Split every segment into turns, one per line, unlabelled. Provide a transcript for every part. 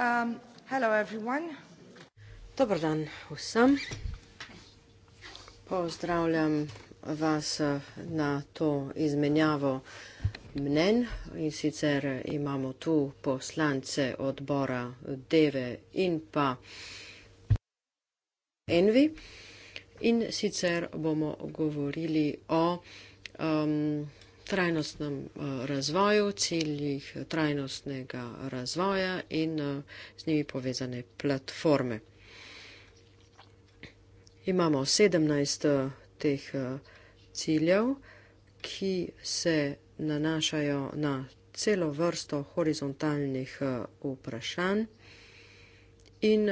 Um, hello everyone. Dobro dan vsem. Pozdravljam vas na to izmenjavo mnen in sicer imamo tu poslance odbora Deve in pa Envi in sicer bomo govorili o um, trajnostnem eh, razvoju, ciljih eh, trajnostnega razvoja in eh, z njimi povezane platforme. Imamo 17 teh ciljev, ki se nanašajo na celo vrsto horizontalnih vprašanj in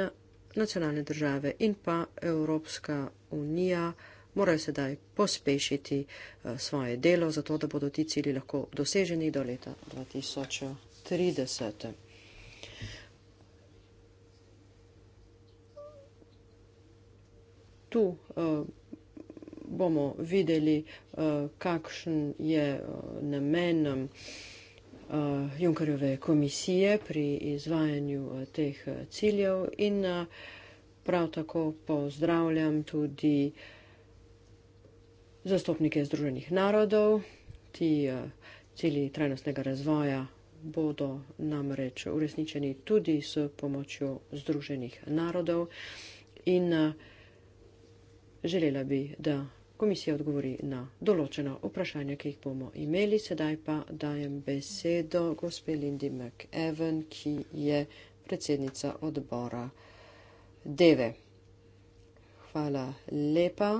nacionalne države in pa Evropska unija morajo sedaj pospešiti eh, svoje delo, zato da bodo ti cili lahko doseženi do leta 2030. Tu uh, bomo videli, uh, kakšen je uh, namen uh, Junkerjeve komisije pri izvajanju uh, teh uh, ciljev, in uh, prav tako pozdravljam tudi uh, zastopnike Združenih narodov. Ti eh, cilji trajnostnega razvoja bodo namreč uresničeni tudi s pomočjo Združenih narodov. In eh, želela bi, da komisija odgovori na določena vprašanja, ki jih bomo imeli. Sedaj pa dajem besedo gospe Lindy McEwen, ki je predsednica odbora DEVE. Hvala lepa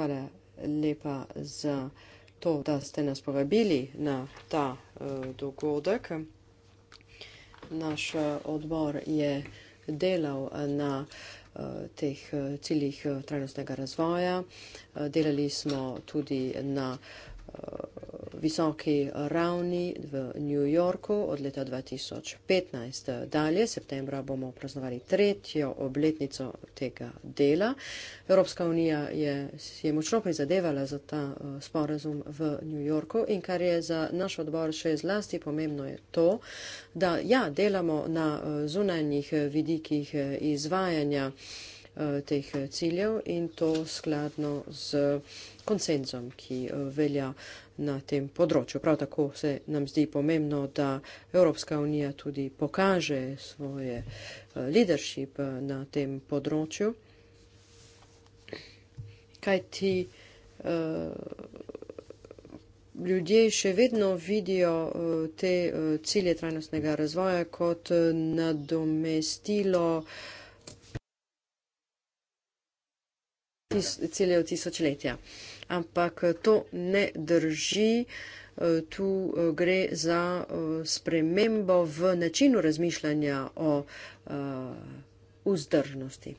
hvala lepa za to, da ste nas povabili na ta uh, dogodek. Naš eh, odbor je delal na eh, teh ciljih trajnostnega razvoja. Delali smo tudi na uh, visoki ravni v New Yorku od leta 2015. Dalje, septembra bomo praznovali tretjo obletnico tega dela. Evropska unija je, je močno prizadevala za ta eh, sporazum v New Yorku in kar je za naš odbor še zlasti pomembno je to, da ja, delamo na eh, zunanjih vidikih eh, izvajanja teh ciljev in to skladno z konsenzom, ki eh, velja na tem področju. Prav tako se nam zdi pomembno, da Evropska unija tudi pokaže svoje eh, leadership eh, na tem področju. Kaj ti uh, ljudje še vedno vidijo uh, te uh, cilje trajnostnega razvoja kot uh, nadomestilo uh, celo tisočletja. Ampak eh, to ne drži. Eh, tu eh, gre za spremembo v načinu razmišljanja o vzdržnosti.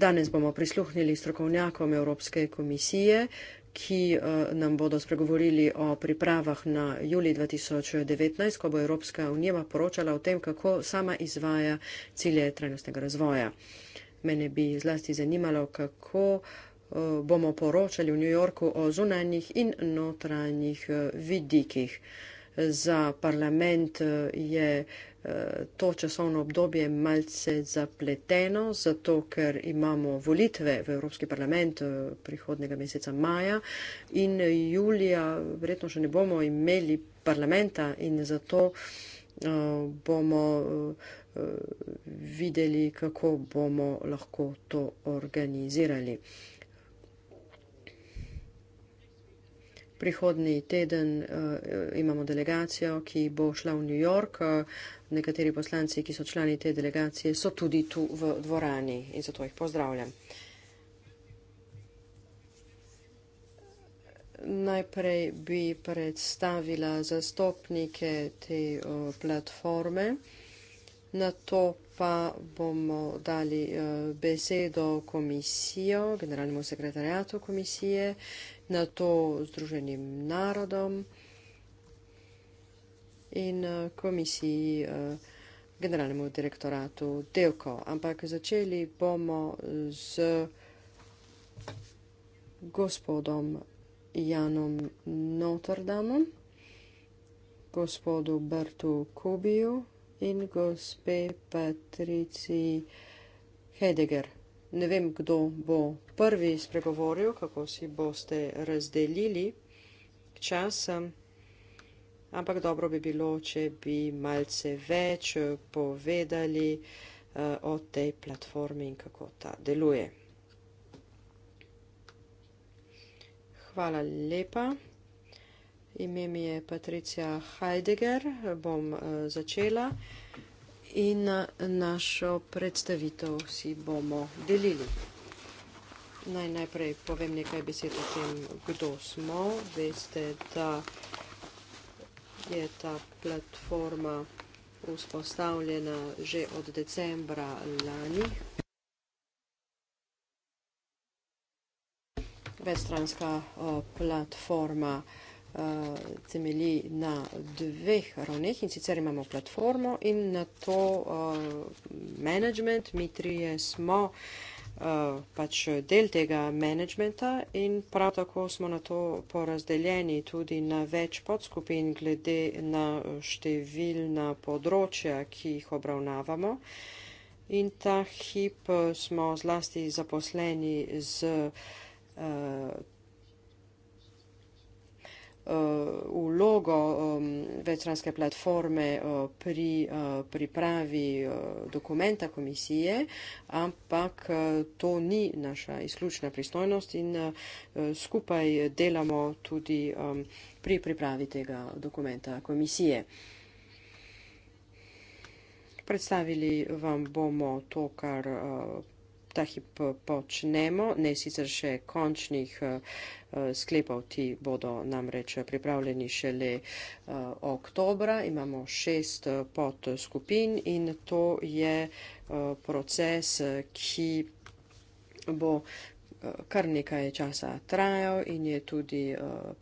Danes bomo prisluhnili strokovnjakom Evropske komisije, ki nam bodo spregovorili o pripravah na juli 2019, ko bo Evropska unija poročala o tem, kako sama izvaja cilje trajnostnega razvoja. Mene bi zlasti zanimalo, kako eh, bomo poročali v New Yorku o zunanjih in notranjih eh, vidikih. Za parlament eh, je to časovno obdobje malce zapleteno, zato ker imamo volitve v Evropski parlament prihodnega meseca maja in julija verjetno še ne bomo imeli parlamenta in zato bomo Eh, videli, kako bomo lahko to organizirali. Prihodni teden uh, imamo delegacijo, ki bo šla v New York. Uh, nekateri poslanci, ki so člani te delegacije, so tudi tu v dvorani in zato jih pozdravljam. Najprej bi predstavila zastopnike te uh, platforme. Na to pa bomo dali eh, besedo komisijo, generalnemu sekretarjatu komisije, na to Združenim narodom in eh, komisiji, eh, generalnemu direktoratu Delko. Ampak začeli bomo z gospodom Janom Notrdamom, gospodu Bertu Kubiju, in gospe Patriciji Hedeger. Ne vem, kdo bo prvi spregovoril, kako si boste razdelili časem, ampak dobro bi bilo, če bi malce več eh, povedali uh, o tej platformi in kako ta deluje. Hvala lepa. Ime mi je Patricija Heidegger, bom uh, začela in eh, našo predstavitev si bomo delili. Naj najprej povem nekaj besed o tem, kdo smo. Veste, da je ta platforma vzpostavljena že od decembra lani. Vestranska uh, eh, platforma. Eh, temelji na dveh ravneh in sicer imamo platformo in na to uh, management. Mi trije smo uh, pač del tega managementa in prav tako smo na to porazdeljeni tudi na več podskupin glede na številna področja, ki jih obravnavamo. In ta hip smo zlasti zaposleni z uh, uh, vlogo um, večranske platforme uh, pri uh, pripravi uh, dokumenta komisije, ampak uh, to ni naša izključna pristojnost in uh, skupaj delamo tudi um, pri pripravi tega dokumenta komisije. Predstavili vam bomo to, kar uh, ta hip eh, počnemo, ne sicer še končnih eh, eh, sklepov, ti bodo namreč pripravljeni šele oktobra. Imamo šest podskupin in to je proces, ki bo kar nekaj časa trajal in je tudi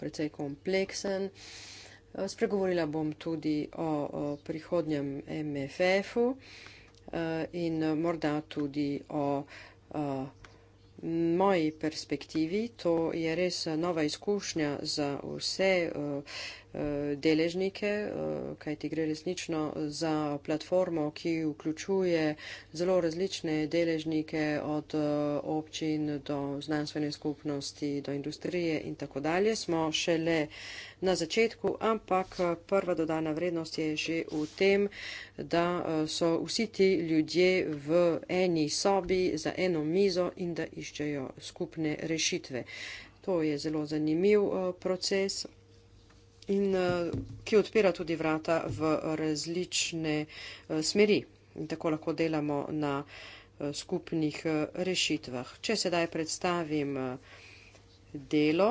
precej kompleksen. Spregovorila bom tudi o prihodnjem MFF-u. Eh, in morda tudi o eh, moji perspektivi. To je res nova izkušnja za vse. Eh, Eh, deležnike, eh, kaj ti gre resnično za platformo, ki vključuje zelo različne deležnike od eh, občin do znanstvene skupnosti, do industrije in tako dalje. Smo šele na začetku, ampak prva dodana vrednost je že v tem, da so vsi ti ljudje v eni sobi za eno mizo in da iščejo skupne rešitve. To je zelo zanimiv proces in eh, ki odpira tudi vrata v različne eh, smeri. In tako lahko delamo na eh, skupnih rešitvah. Če sedaj predstavim delo,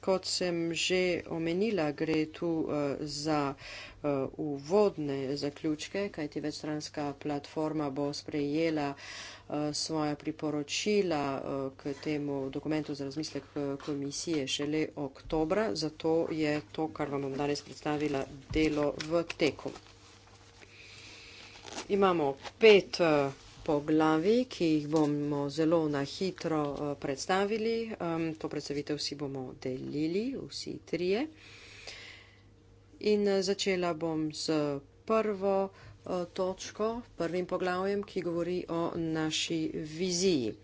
kot sem že omenila, gre tu uh, za uh, uvodne zaključke, kajti večstranska platforma bo sprejela eh, svoja priporočila k temu dokumentu za razmislek komisije šele oktobra, zato je to, kar vam bom danes predstavila, delo v teku. Imamo pet poglavi, ki jih bomo zelo na hitro eh, predstavili. To predstavitev si bomo delili, vsi trije. In eh, začela bom s prvo eh, točko, prvim poglavjem, ki govori o naši viziji.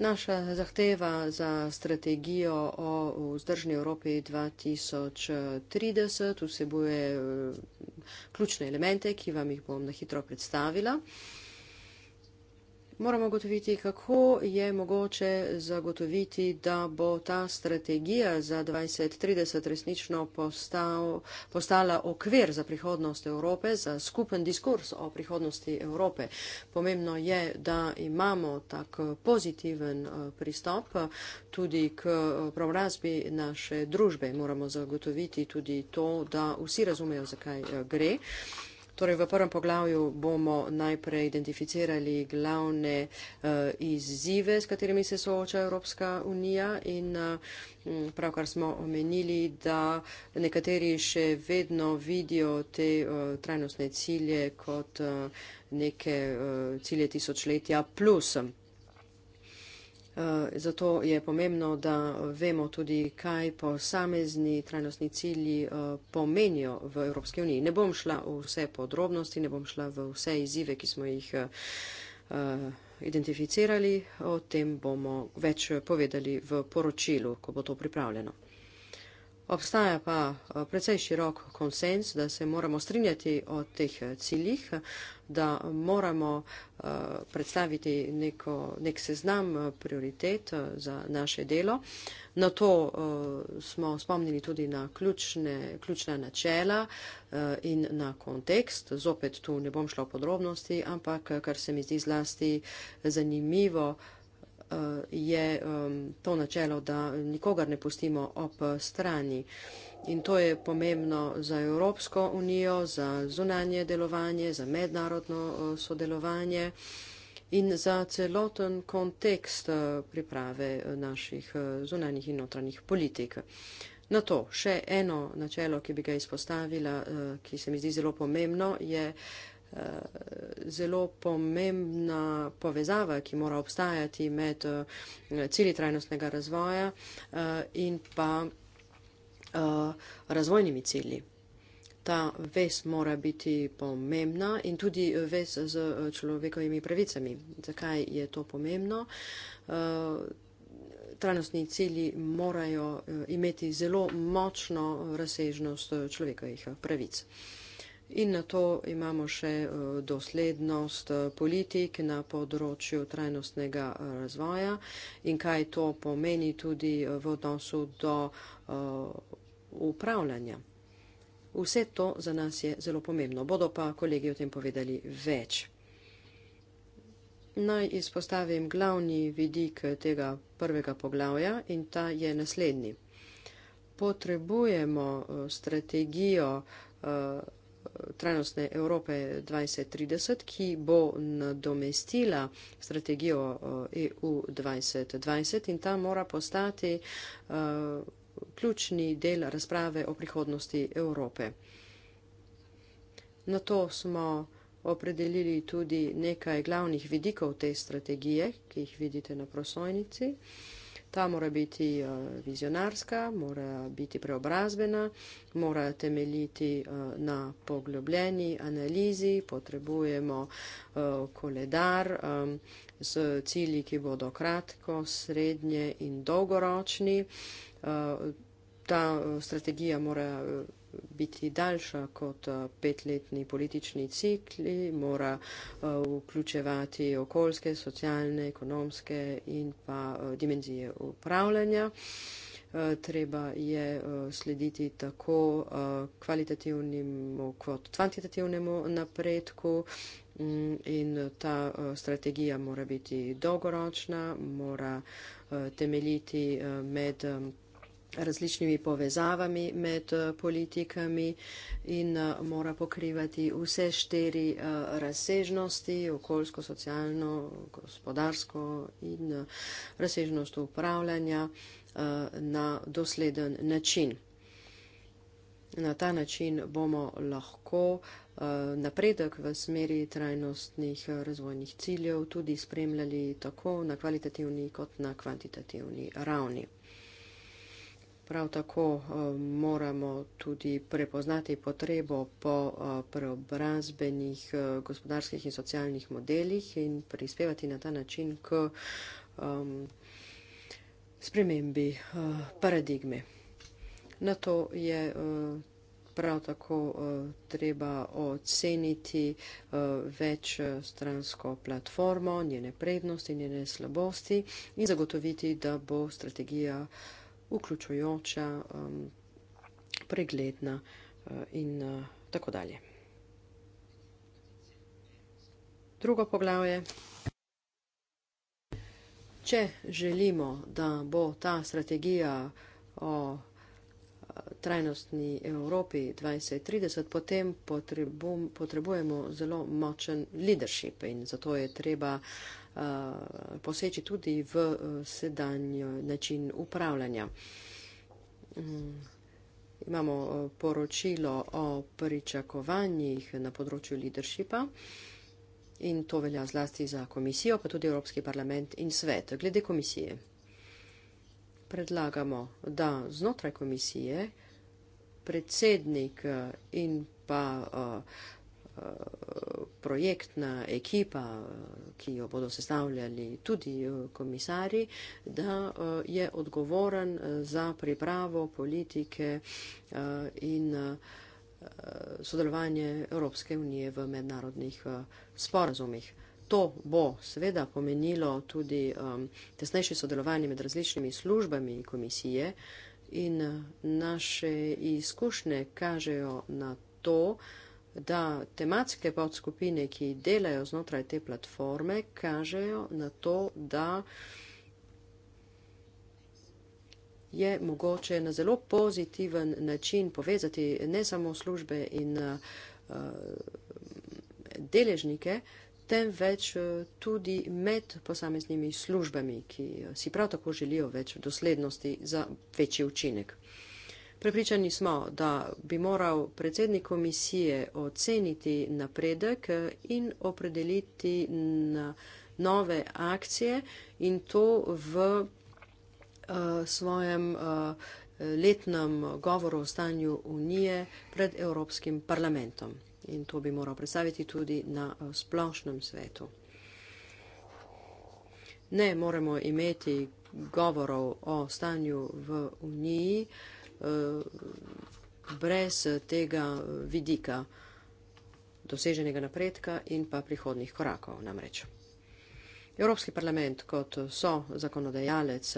naša zahteva za strategijo o vzdržni Evropi 2030 vsebuje eh, ključne elemente, ki vam jih bom na hitro predstavila moramo gotoviti, kako je mogoče zagotoviti, da bo ta strategija za 2030 resnično postal, postala okvir za prihodnost Evrope, za skupen diskurs o prihodnosti Evrope. Pomembno je, da imamo tak pozitiven eh, pristop tudi k eh, pravrazbi naše družbe. Moramo zagotoviti tudi to, da vsi razumejo, zakaj eh, gre. Torej, v prvem poglavju bomo najprej identificirali glavne uh, izzive, s katerimi se sooča Evropska unija in uh, pravkar smo omenili, da nekateri še vedno vidijo te uh, trajnostne cilje kot uh, neke uh, cilje tisočletja plusem. Eh, zato je pomembno, da vemo tudi, kaj posamezni trajnostni cilji eh, pomenijo v Evropske uniji. Ne bom šla v vse podrobnosti, ne bom šla v vse izzive, ki smo jih eh, identificirali. O tem bomo več povedali v poročilu, ko bo to pripravljeno. Obstaja pa precej širok konsens, da se moramo strinjati o teh ciljih da moramo eh, predstaviti neko, nek seznam eh, prioritet eh, za naše delo. Na to smo spomnili tudi na ključne, ključna načela in na kontekst. Zopet tu ne bom šla v podrobnosti, ampak kar se mi zdi zlasti zanimivo, uh, je um, to načelo, da nikogar ne pustimo ob strani. In to je pomembno za Evropsko unijo, za zunanje delovanje, za mednarodno uh, sodelovanje in za celoten kontekst uh, priprave naših uh, zunanjih in notranjih politik. Na to še eno načelo, ki bi ga izpostavila, uh, ki se mi zdi zelo pomembno, je uh, Eh, zelo pomembna povezava, ki mora obstajati med eh, cilji trajnostnega razvoja eh, in pa razvojnimi cilji. Ta ves mora biti pomembna in tudi ves z človekovimi pravicami. Zakaj je to pomembno? Trajnostni cilji morajo imeti zelo močno razsežnost človekovih pravic. In na to imamo še eh, doslednost eh, politik na področju trajnostnega eh, razvoja in kaj to pomeni tudi v odnosu do upravljanja. Vse to za nas je zelo pomembno. Bodo pa kolegi o tem povedali več. Naj izpostavim glavni vidik tega prvega poglavja in ta je naslednji. Potrebujemo strategijo trajnostne Evrope 2030, ki bo nadomestila strategijo EU eh, e 2020 in ta mora postati eh, ključni del razprave o prihodnosti Evrope. Na to smo opredelili tudi nekaj glavnih vidikov te strategije, ki jih vidite na prosojnici. Ta mora biti uh, vizionarska, mora biti preobrazbena, mora temeljiti uh, na poglobljeni analizi, potrebujemo uh, koledar um, s cilji, ki bodo kratko, srednje in dolgoročni. Uh, ta uh, strategija mora. Uh, biti daljša kot eh, petletni politični cikli, mora eh, vključevati okoljske, socialne, ekonomske in pa eh, dimenzije upravljanja. Treba je slediti tako kvalitativnemu kot kvantitativnemu napredku. Mm, in ta strategija mora biti dolgoročna, mora temeljiti med različnimi povezavami med eh, politikami in eh, mora pokrivati vse štiri eh, razsežnosti, okoljsko, socialno, gospodarsko in razsežnost upravljanja na dosleden način. Na ta način bomo lahko napredek v smeri trajnostnih razvojnih ciljev tudi spremljali tako na kvalitativni kot na kvantitativni ravni. Prav tako eh, moramo tudi prepoznati potrebo po eh, preobrazbenih eh, gospodarskih in socialnih modelih in prispevati na ta način k ehm, spremembi paradigme. Na to je prav tako treba oceniti večstransko platformo, njene prednosti, njene slabosti in zagotoviti, da bo strategija vključujoča, um, pregledna uh, in uh, tako dalje. Drugo poglavje. Če želimo, da bo ta strategija o uh, trajnostni Evropi 2030, potem potrebujemo zelo močen leadership in zato je treba uh, Eh, poseči tudi v eh, sedanji eh, način upravljanja. Mm. Imamo poročilo o pričakovanjih na področju leadershipa in to velja zlasti za komisijo, pa tudi Evropski parlament in svet. Glede komisije predlagamo, da znotraj komisije predsednik in pa uh, projektna ekipa, ki jo bodo sestavljali tudi eh, komisari, da eh, je odgovoren eh, za pripravo politike in sodelovanje Evropske unije v mednarodnih sporazumih. To bo seveda pomenilo tudi tesnejše sodelovanje med različnimi službami komisije in naše izkušnje kažejo na to, da da tematske podskupine, ki delajo znotraj te platforme, kažejo na to, da je mogoče na zelo pozitiven način povezati ne samo službe in uh, deležnike, temveč eh, tudi med posameznimi službami, ki si prav tako želijo več doslednosti za večji učinek. Pripričani smo, da bi moral predsednik komisije oceniti napredek eh, in opredeliti nove akcije in to v uh, svojem uh, letnem govoru o stanju Unije pred Evropskim parlamentom. In to bi moral predstaviti tudi na splošnem svetu. Ne moremo imeti govorov o stanju v Uniji, uh, Eh, brez eh, tega eh, vidika doseženega napredka in pa prihodnih korakov namreč. Evropski parlament kot so zakonodajalec,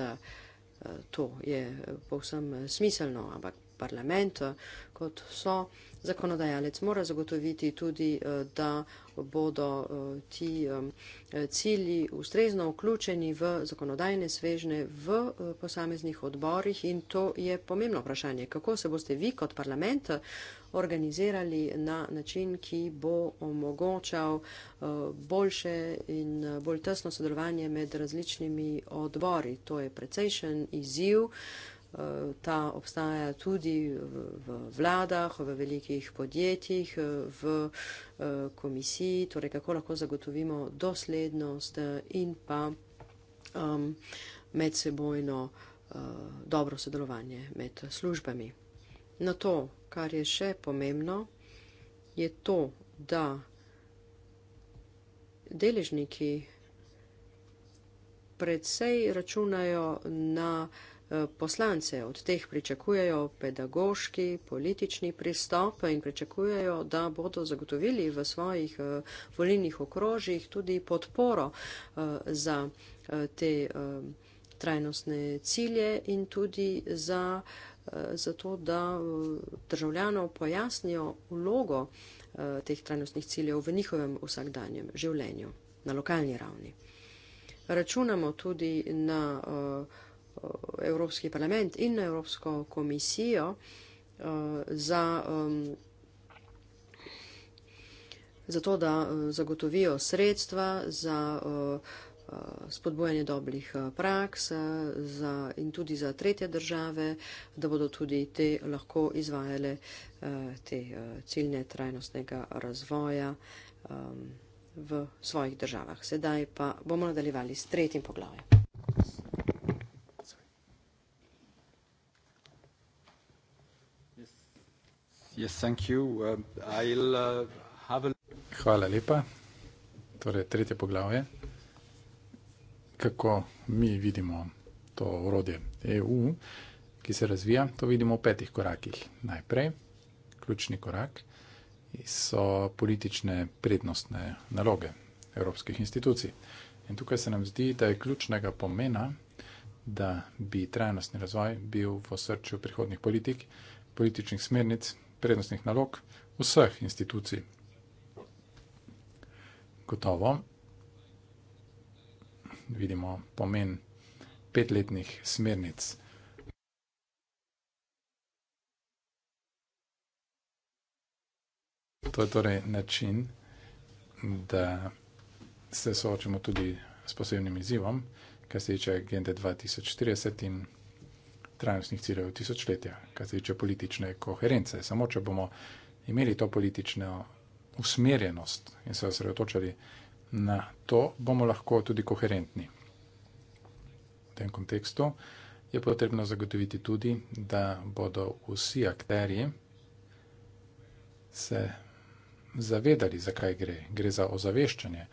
to je povsem smiselno, ampak parlament, kot so. Zakonodajalec mora zagotoviti tudi, eh, da bodo eh, ti eh, cilji ustrezno vključeni v zakonodajne svežne v posameznih odborih in to je pomembno vprašanje, kako se boste vi kot parlament organizirali na način, ki bo omogočal boljše in bolj tesno sodelovanje med različnimi odbori. To je precejšen izziv ta obstaja tudi v vladah, v velikih podjetjih, v eh, komisiji, torej kako lahko zagotovimo doslednost eh, in pa um, medsebojno eh, dobro sodelovanje med službami. Na to, kar je še pomembno, je to, da deležniki predvsej računajo na uh, poslance. Od teh pričakujejo pedagoški, politični pristop in pričakujejo, da bodo zagotovili v svojih eh, volilnih okrožjih tudi podporo eh, za eh, te trajnostne cilje in tudi za, za to, da državljanov pojasnijo vlogo teh trajnostnih ciljev v njihovem vsakdanjem življenju na lokalni ravni. Računamo tudi na uh, Eh, Evropski parlament in na Evropsko komisijo eh, za, za to, da eh, zagotovijo sredstva za spodbojanje dobrih praks za, in tudi za tretje države, da bodo tudi te lahko izvajale te ciljne trajnostnega razvoja v svojih državah. Sedaj pa bomo nadaljevali s tretjim poglavjem.
Uh, uh, Hvala lepa. Torej, tretje poglavje. Kako mi vidimo to orodje EU, ki se razvija, to vidimo v petih korakih. Najprej, ključni korak so politične prednostne naloge evropskih institucij. In tukaj se nam zdi, da je ključnega pomena, da bi trajnostni razvoj bil v srčju prihodnih politik, političnih smernic prednostnih nalog vseh institucij. Gotovo vidimo pomen petletnih smernic. To je torej način, da se soočimo tudi s posebnim izzivom, kar se tiče agende 2030 in 2030 trajnostnih ciljev tisočletja, kar se tiče politične koherence. Samo, če bomo imeli to politično usmerjenost in se osredotočali na to, bomo lahko tudi koherentni. V tem kontekstu je potrebno zagotoviti tudi, da bodo vsi akterji se zavedali, zakaj gre. Gre za ozaveščanje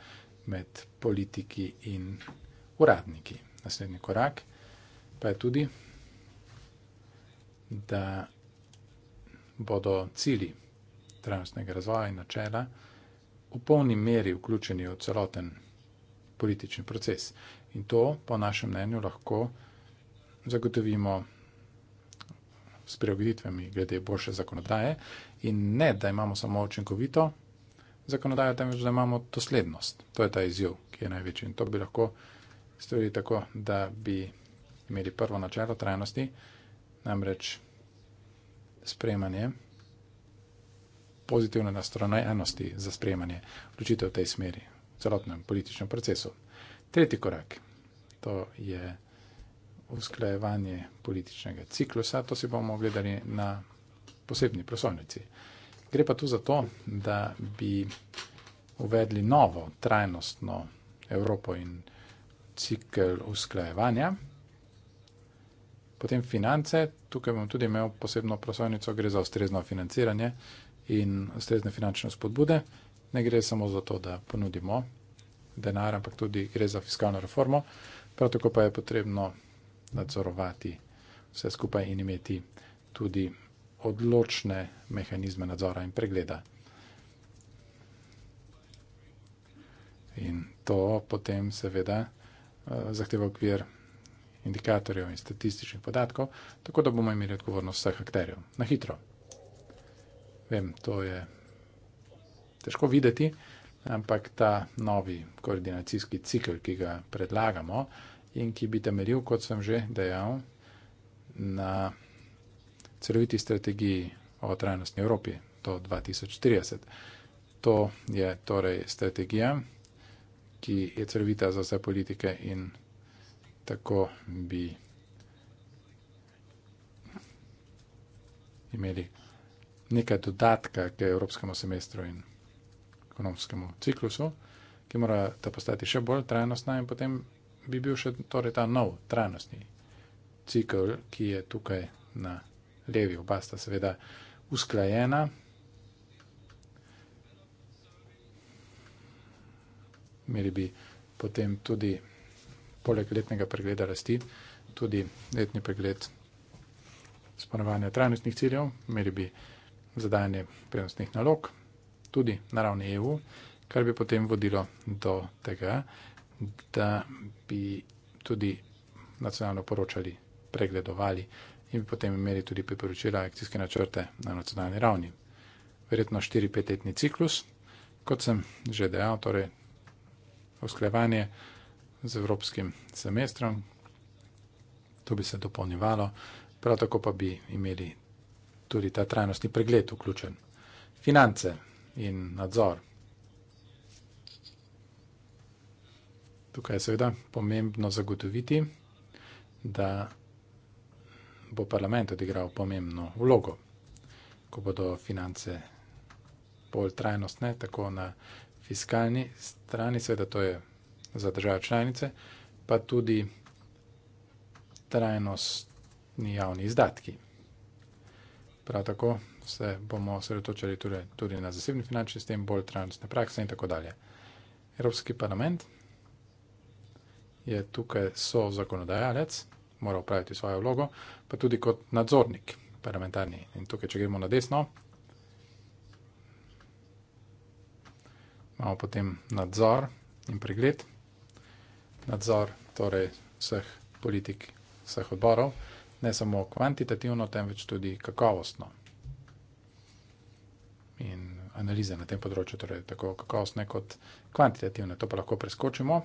med politiki in uradniki. Naslednji korak pa je tudi, da bodo cili trajnostnega razvoja in načela v polni meri vključeni v celoten politični proces. In to, po našem mnenju, lahko zagotovimo s preugoditvami glede boljše zakonodaje in ne, da imamo samo očinkovito zakonodajo, temveč, da imamo doslednost. To je ta izjiv, ki je največji. In to bi lahko storili tako, da bi imeli prvo načelo trajnosti, namreč sprejemanje, pozitivna nastrojena enosti za sprejemanje, vključitev v tej smeri, v celotnem političnem procesu. Tretji korak, to je usklajevanje političnega ciklusa, to si bomo gledali na posebni prosovnici. Gre pa tu za to, da bi uvedli novo trajnostno Evropo in cikl usklajevanja. Potem finance, tukaj bom tudi imel posebno prosojnico, gre za ustrezno financiranje in ustrezne finančne spodbude. Ne gre samo za to, da ponudimo denar, ampak tudi gre za fiskalno reformo. Prav tako pa je potrebno nadzorovati vse skupaj in imeti tudi odločne mehanizme nadzora in pregleda. In to potem seveda eh, zahteva okvir indikatorjev in statističnih podatkov, tako da bomo imeli odgovornost vseh akterjev. Na hitro. Vem, to je težko videti, ampak ta novi koordinacijski cikl, ki ga predlagamo in ki bi temeljil, kot sem že dejal, na celoviti strategiji o trajnostni Evropi do 2030. To je torej strategija, ki je celovita za vse politike in tako bi imeli nekaj dodatka k evropskemu semestru in ekonomskemu ciklusu, ki mora ta postati še bolj trajnostna in potem bi bil še torej ta nov trajnostni cikl, ki je tukaj na levi. Oba sta seveda usklajena. Imeli bi potem tudi poleg letnega pregleda rasti tudi letni pregled sporovanja trajnostnih ciljev, imeli bi zadajanje prednostnih nalog, tudi na ravni EU, kar bi potem vodilo do tega, da bi tudi nacionalno poročali, pregledovali in bi potem imeli tudi priporočila akcijske načrte na nacionalni ravni. Verjetno 4-5-letni ciklus, kot sem že dejal, torej usklajevanje z evropskim semestrom. To bi se dopolnjevalo, prav tako pa bi imeli tudi ta trajnostni pregled vključen. Finance in nadzor. Tukaj je seveda pomembno zagotoviti, da bo parlament odigral pomembno vlogo, ko bodo finance bolj trajnostne, tako na fiskalni strani, seveda to je za države članice, pa tudi trajnostni javni izdatki. Prav tako se bomo osredotočali tudi, tudi na zasebni finančni sistem, bolj trajnostne prakse in tako dalje. Evropski parlament je tukaj so zakonodajalec, mora upraviti svojo vlogo, pa tudi kot nadzornik parlamentarni. In tukaj, če gremo na desno, imamo potem nadzor in pregled nadzor torej vseh politik, vseh odborov, ne samo kvantitativno, temveč tudi kakovostno. In analize na tem področju, torej tako kakovostne kot kvantitativne, to pa lahko preskočimo,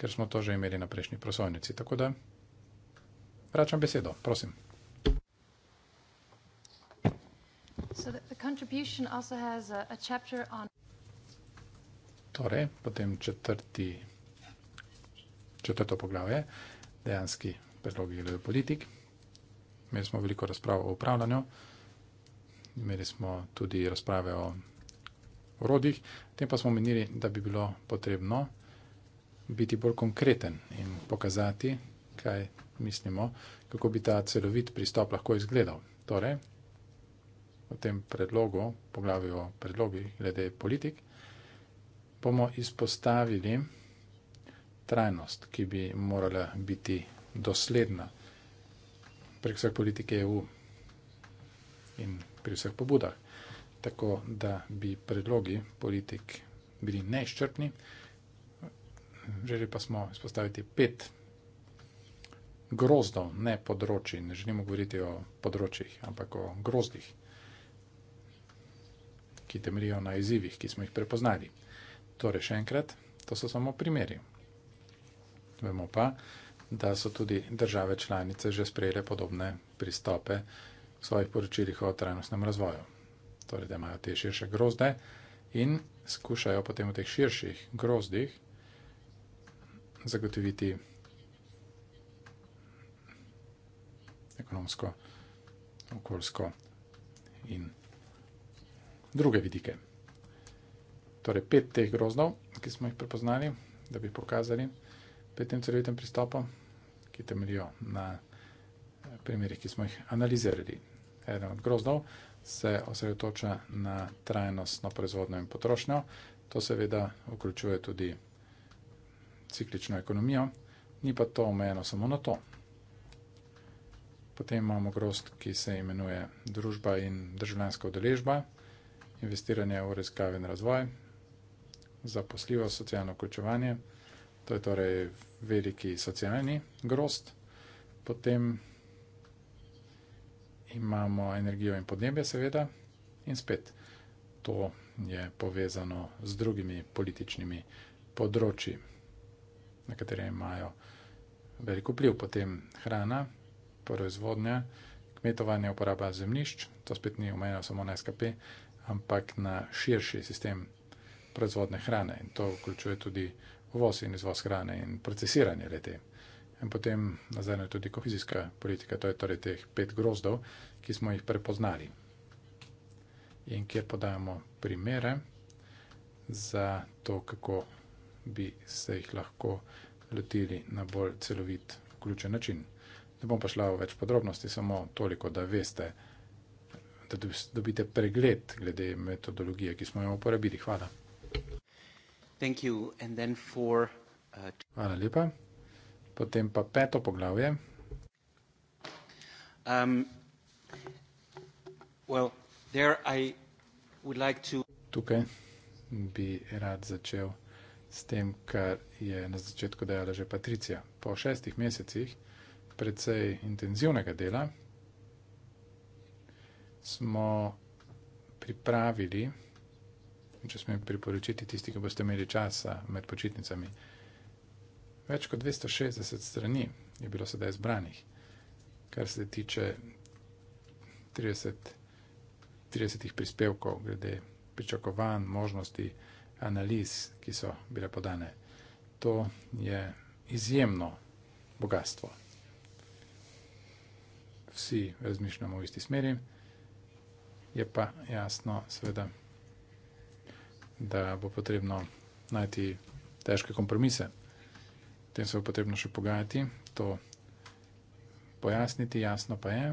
ker smo to že imeli na prejšnji prosojnici. Tako da vračam besedo, prosim. Torej, potem četrti četrto poglavje, dejanski predlogi glede politik. Imeli smo veliko razprav o upravljanju, imeli smo tudi razprave o urodjih, potem pa smo menili, da bi bilo potrebno biti bolj konkreten in pokazati, kaj mislimo, kako bi ta celovit pristop lahko izgledal. Torej, v tem predlogu, poglavju o predlogih glede politik, bomo izpostavili, trajnost, ki bi morala biti dosledna pri vseh politike EU in pri vseh pobudah. Tako da bi predlogi politik bili neizčrpni. Želi pa smo izpostaviti pet grozdov, ne področji. Ne želimo govoriti o področjih, ampak o grozdih, ki temelijo na izzivih, ki smo jih prepoznali. Torej, še enkrat, to so samo primeri. Vemo pa, da so tudi države članice že sprejele podobne pristope v svojih poročilih o trajnostnem razvoju. Torej, da imajo te širše grozde in skušajo potem v teh širših grozdih zagotoviti ekonomsko, okoljsko in druge vidike. Torej, pet teh grozdov, ki smo jih prepoznali, da bi pokazali petim celovitim pristopom, ki temeljijo na eh, primerih, ki smo jih analizirali. Eden od grozdov se osredotoča na trajnostno proizvodno in potrošnjo. To seveda vključuje tudi ciklično ekonomijo, ni pa to omejeno samo na to. Potem imamo grozd, ki se imenuje družba in državljanska udeležba, investiranje v raziskave in razvoj, zaposljivo socijalno vključevanje. To je torej veliki socialni grost. Potem imamo energijo in podnebje, seveda, in spet to je povezano z drugimi političnimi področji, na katere imajo veliko vpliv. Potem hrana, proizvodnja, kmetovanje, uporaba zemljišč, to spet ni omejeno samo na SKP, ampak na širši sistem proizvodne hrane in to vključuje tudi uvoz in izvoz hrane in procesiranje le te. In potem nazaj je tudi kohezijska politika, to je torej teh pet grozdov, ki smo jih prepoznali in kjer podajamo primere za to, kako bi se jih lahko lotili na bolj celovit, vključen način. Ne bom pa šla v več podrobnosti, samo toliko, da veste, da dobite pregled glede metodologije, ki smo jo uporabili. Hvala.
Uh,
Hvala lepa. Potem pa peto poglavje. Um, Tukaj bi rad začel s tem, kar je na začetku dejala že Patricija. Po šestih mesecih precej intenzivnega dela smo pripravili vsega, če smem priporočiti tisti, ki boste imeli časa med počitnicami. Več kot 260 strani je bilo sedaj izbranih, kar se tiče 30, 30 prispevkov glede pričakovanj, možnosti, analiz, ki so bile podane. To je izjemno bogatstvo. Vsi razmišljamo v isti smeri, je pa jasno, seveda da bo potrebno najti težke kompromise. Potem se bo potrebno še pogajati, to pojasniti. Jasno pa je,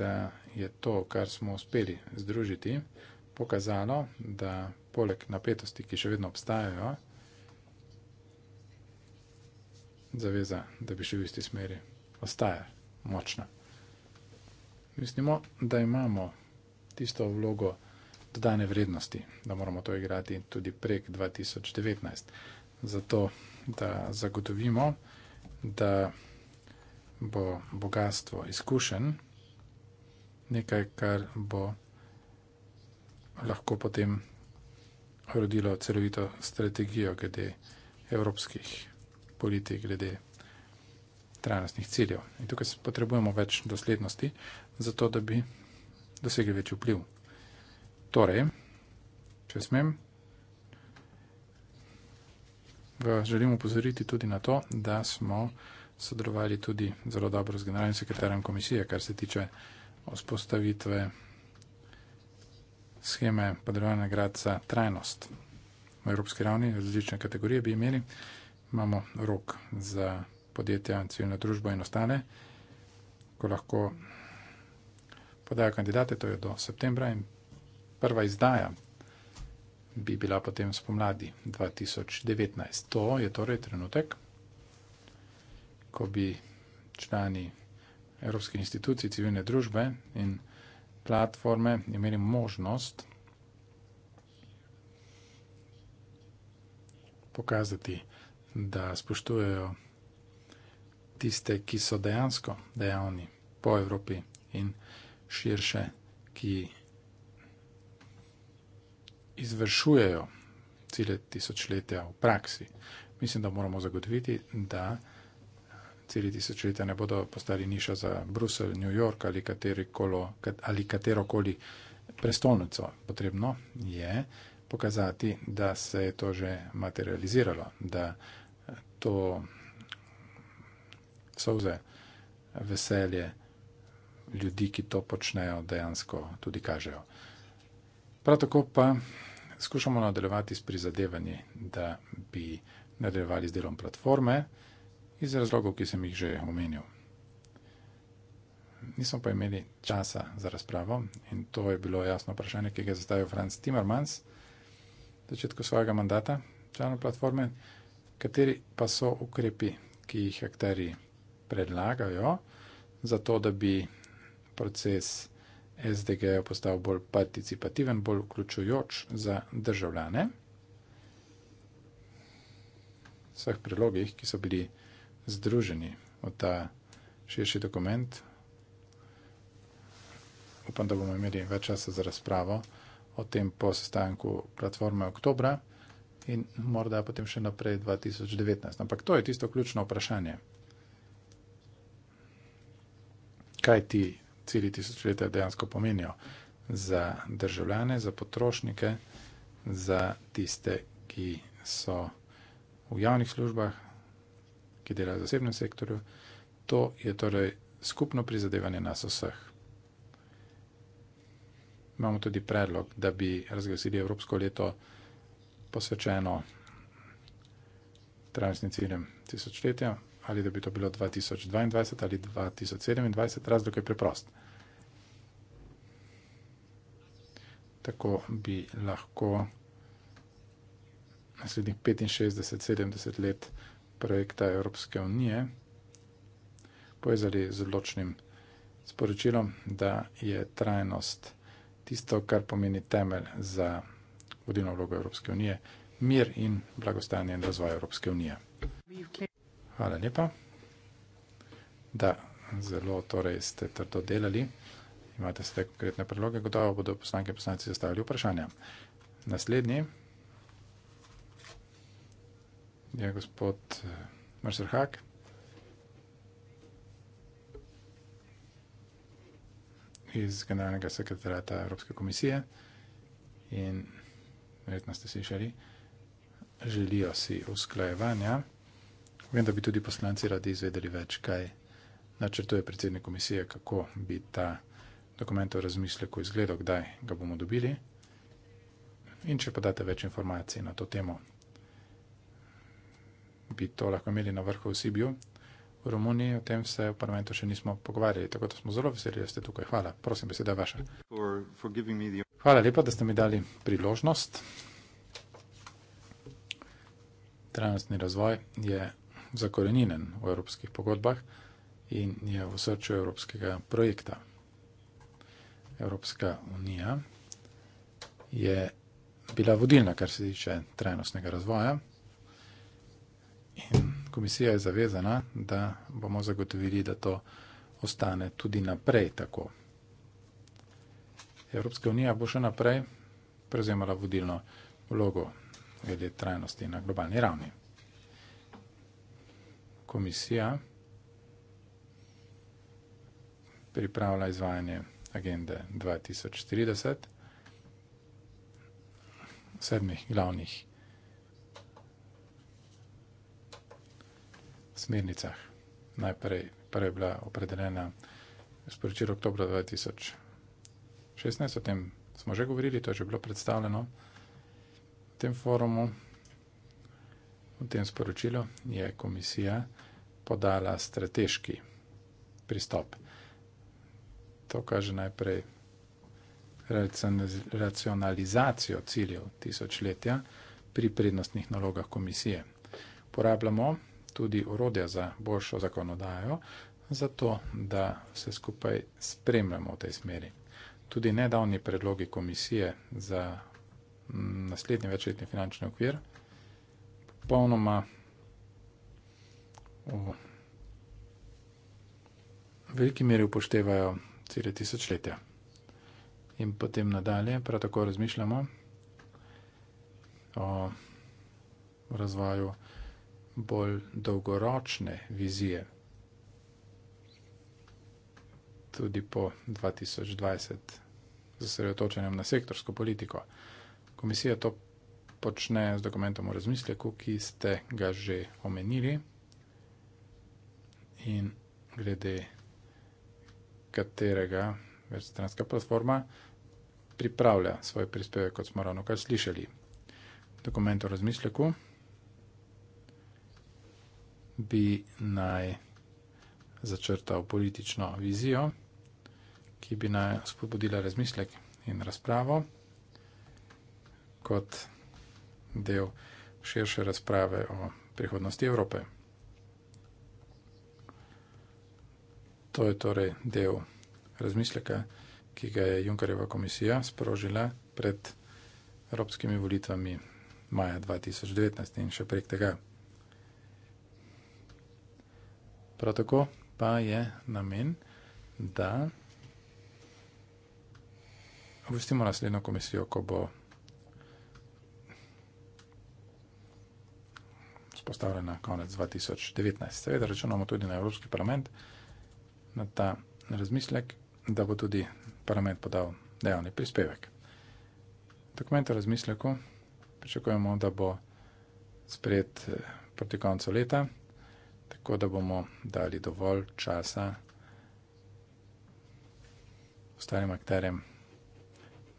da je to, kar smo uspeli združiti, pokazalo, da poleg napetosti, ki še vedno obstajajo, zaveza, da bi še v isti smeri ostaja močna. Mislimo, da imamo tisto vlogo, ki je vse, dodane vrednosti, da moramo to igrati tudi prek 2019. Zato, da zagotovimo, da bo bogatstvo izkušen, nekaj, kar bo lahko potem rodilo celovito strategijo glede evropskih politik, glede trajnostnih ciljev. In tukaj potrebujemo več doslednosti, zato da bi dosegli večji vpliv. Torej, če smem, želim upozoriti tudi na to, da smo sodelovali tudi zelo dobro z generalnim sekretarjem komisije, kar se tiče vzpostavitve scheme podeljevanja nagrad za trajnost. V evropski ravni različne kategorije bi imeli. Imamo rok za podjetja, civilno družbo in ostale, ko lahko podajo kandidate, to je do septembra in prva izdaja bi bila potem spomladi 2019. To je torej trenutek, ko bi člani Evropske institucij, civilne družbe in platforme imeli možnost pokazati, da spoštujejo tiste, ki so dejansko dejavni po Evropi in širše, ki izvršujejo cilje tisočletja v praksi, mislim, da moramo zagotoviti, da eh, cilje tisočletja ne bodo postali niša za Bruselj, New York ali, ali katerokoli prestolnico. Potrebno je pokazati, da se je to že materializiralo, da eh, to solze veselje ljudi, ki to počnejo, dejansko tudi kažejo. Prav tako pa skušamo nadaljevati s prizadevanji, da bi nadaljevali z delom platforme iz razlogov, ki sem jih že omenil. Nismo pa imeli časa za razpravo in to je bilo jasno vprašanje, ki ga je zastavil Franz Timmermans v začetku svojega mandata članov platforme, kateri pa so ukrepi, ki jih akteri predlagajo, zato da bi proces SDG je postal bolj participativen, bolj vključujoč za državljane. Vseh predlogih, ki so bili združeni v ta širši dokument, upam, da bomo imeli več časa za razpravo o tem po sestanku platforme oktobra in morda potem še naprej 2019. Ampak to je tisto ključno vprašanje. Kaj ti cilji tisočletja dejansko pomenijo za državljane, za potrošnike, za tiste, ki so v javnih službah, ki delajo v zasebnem sektorju. To je torej skupno prizadevanje nas vseh. Imamo tudi predlog, da bi razglasili Evropsko leto posvečeno trajnostnim ciljem tisočletja, ali da bi to bilo 2022 ali 2027, razlog je preprost. tako bi lahko naslednjih 65-70 let projekta Evropske unije povezali z odločnim sporočilom, da je trajnost tisto, kar pomeni temelj za vodilno vlogo Evropske unije, mir in blagostanje in razvoj Evropske unije. Hvala lepa, da zelo torej ste trdo delali imate ste konkretne predloge, gotovo bodo poslanke in poslanci zastavili vprašanja. Naslednji je gospod eh, Mrsr Hak. iz generalnega sekretarata Evropske komisije in verjetno ste slišali, želijo si usklajevanja. Vem, da bi tudi poslanci radi izvedeli več, kaj načrtuje predsednik komisije, kako bi ta dokumentov razmisleku izgleda, kdaj ga bomo dobili. In če pa date več informacij na to temo, bi to lahko imeli na vrhu v Sibiu. V Romuniji o tem se v parlamentu še nismo pogovarjali, tako da smo zelo veseli, da ste tukaj. Hvala, prosim, beseda je vaša. Hvala lepa, da ste mi dali priložnost. Trenutni razvoj je zakoreninen v evropskih pogodbah in je v srču evropskega projekta. Evropska unija je bila vodilna, kar se tiče trajnostnega razvoja. In komisija je zavezana, da bomo zagotovili, da to ostane tudi naprej tako. Evropska unija bo še naprej prevzemala vodilno vlogo glede trajnosti na globalni ravni. Komisija pripravlja izvajanje agende 2030, sedmih glavnih smernicah. Najprej prva je bila opredeljena sporočilo oktobra 2016, o tem smo že govorili, to je že bilo predstavljeno v tem forumu. V tem sporočilu je komisija podala strateški pristop to kaže najprej racionalizacijo ciljev tisočletja pri prednostnih nalogah komisije. Porabljamo tudi urodja za boljšo zakonodajo, zato da vse skupaj spremljamo v tej smeri. Tudi nedavni predlogi komisije za naslednji večletni finančni okvir popolnoma v veliki meri upoštevajo cele tisočletja. In potem nadalje, prav tako razmišljamo o razvoju bolj dolgoročne vizije. Tudi po 2020, z osredotočenjem na sektorsko politiko. Komisija to počne z dokumentom o razmisleku, ki ste ga že omenili, in glede katerega večstranska platforma pripravlja svoj prispevek, kot smo ravno kar slišali. Dokument o razmisleku bi naj začrtal politično vizijo, ki bi naj spodbudila razmislek in razpravo kot del širše razprave o prihodnosti Evrope. To je torej del razmisleka, ki ga je Junkareva komisija sprožila pred evropskimi volitvami maja 2019 in še prek tega. Prav tako pa je namen, da obvestimo naslednjo komisijo, ko bo spostavljena konec 2019. Seveda računamo tudi na Evropski parlament, na ta razmislek, da bo tudi parlament podal dejavni prispevek. Dokument o razmisleku pričakujemo, da bo sprejet eh, proti koncu leta, tako da bomo dali dovolj časa ostalim akterjem,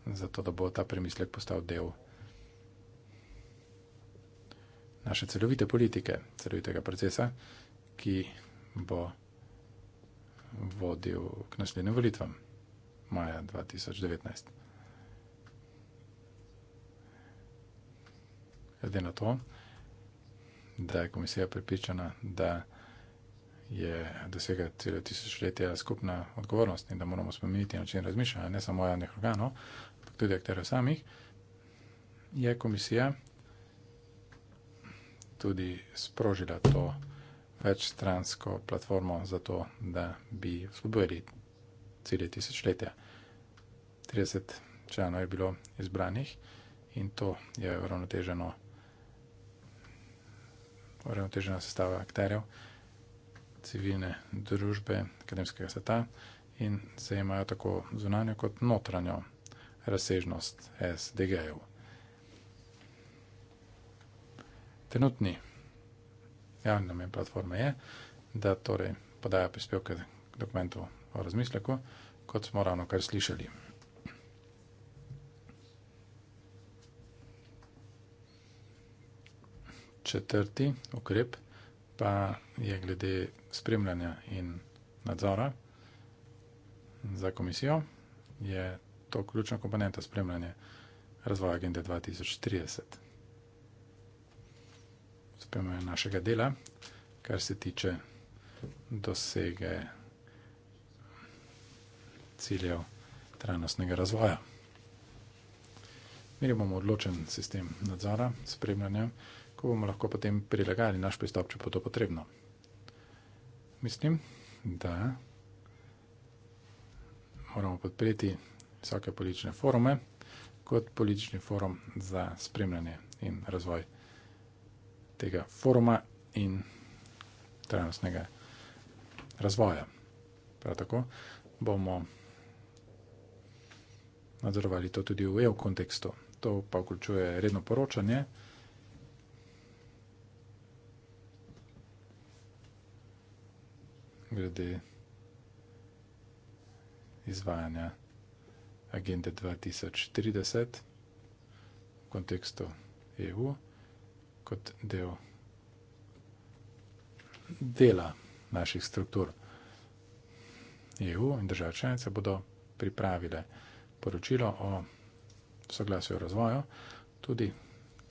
zato da bo ta premislek postal del naše celovite politike, celovitega procesa, ki bo vodil k naslednjim volitvam maja 2019. Glede na to, da je komisija pripričana, da je dosega celo tisočletja skupna odgovornost in da moramo spremeniti način razmišljanja, ne samo javnih organov, ampak tudi akterjev samih, je komisija tudi sprožila to večstransko platformo za to, da bi vzpodbojili cilje tisočletja. 30 članov je bilo izbranih in to je uravnoteženo. Uravnotežena sestava akterjev, civilne družbe, akademskega sveta in zajemajo tako zunanjo kot notranjo razsežnost SDG-jev. Trenutni javni namen platforme je, da torej podajo prispevke dokumentov o razmisleku, kot smo ravno kar slišali. Četrti ukrep pa je glede spremljanja in nadzora za komisijo, je to ključna komponenta spremljanja razvoja agende 2030 spremljanja našega dela, kar se tiče dosege ciljev trajnostnega razvoja. Imeli bomo odločen sistem nadzora, spremljanja, ko bomo lahko potem prilagajali naš pristop, če bo to potrebno. Mislim, da moramo podpreti visoke politične forume kot politični forum za spremljanje in razvoj tega foruma in trajnostnega razvoja. Prav tako bomo nadzorovali to tudi v EU kontekstu. To pa vključuje redno poročanje, glede izvajanja agende 2030 v kontekstu EU kot del dela naših struktur. EU in države članice bodo pripravile poročilo o soglasju razvoju, tudi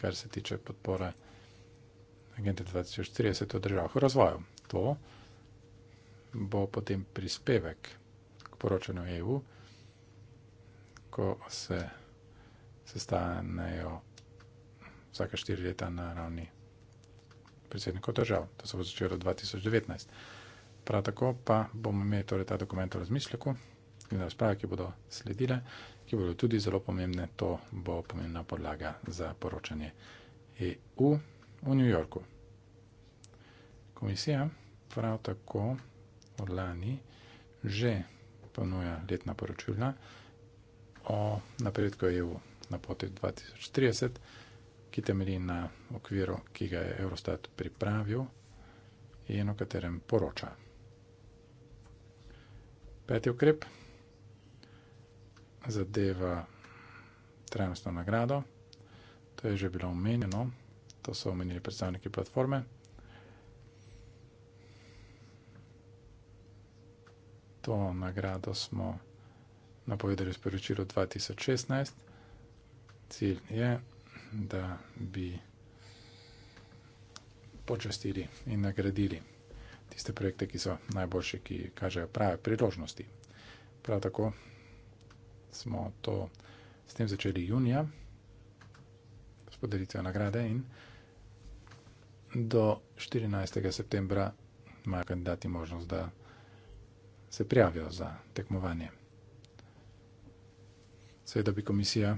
kar se tiče podpore agente 2030 v državah razvoju. To bo potem prispevek k poročanju EU, ko se sestanejo vsake štiri leta na ravni predsednikov držav. To se bo začelo 2019. Prav tako pa bomo imeli torej ta dokument v razmisleku in razprave, ki bodo sledile, ki bodo tudi zelo pomembne. To bo pomembna podlaga za poročanje EU v New Yorku. Komisija prav tako od lani že ponuja letna poročila o napredku EU na poti 2030 ki temelji na okviru, ki ga je Eurostat pripravil in o katerem poroča. Peti ukrep zadeva trajnostno nagrado. To je že bilo omenjeno, to so omenili predstavniki platforme. To nagrado smo napovedali v sporočilu 2016. Cilj je, da bi počastili in nagradili tiste projekte, ki so najboljši, ki kažejo prave priložnosti. Prav tako smo to s tem začeli junija, s podelitvijo nagrade in do 14. septembra imajo kandidati možnost, da se prijavijo za tekmovanje. Seveda bi komisija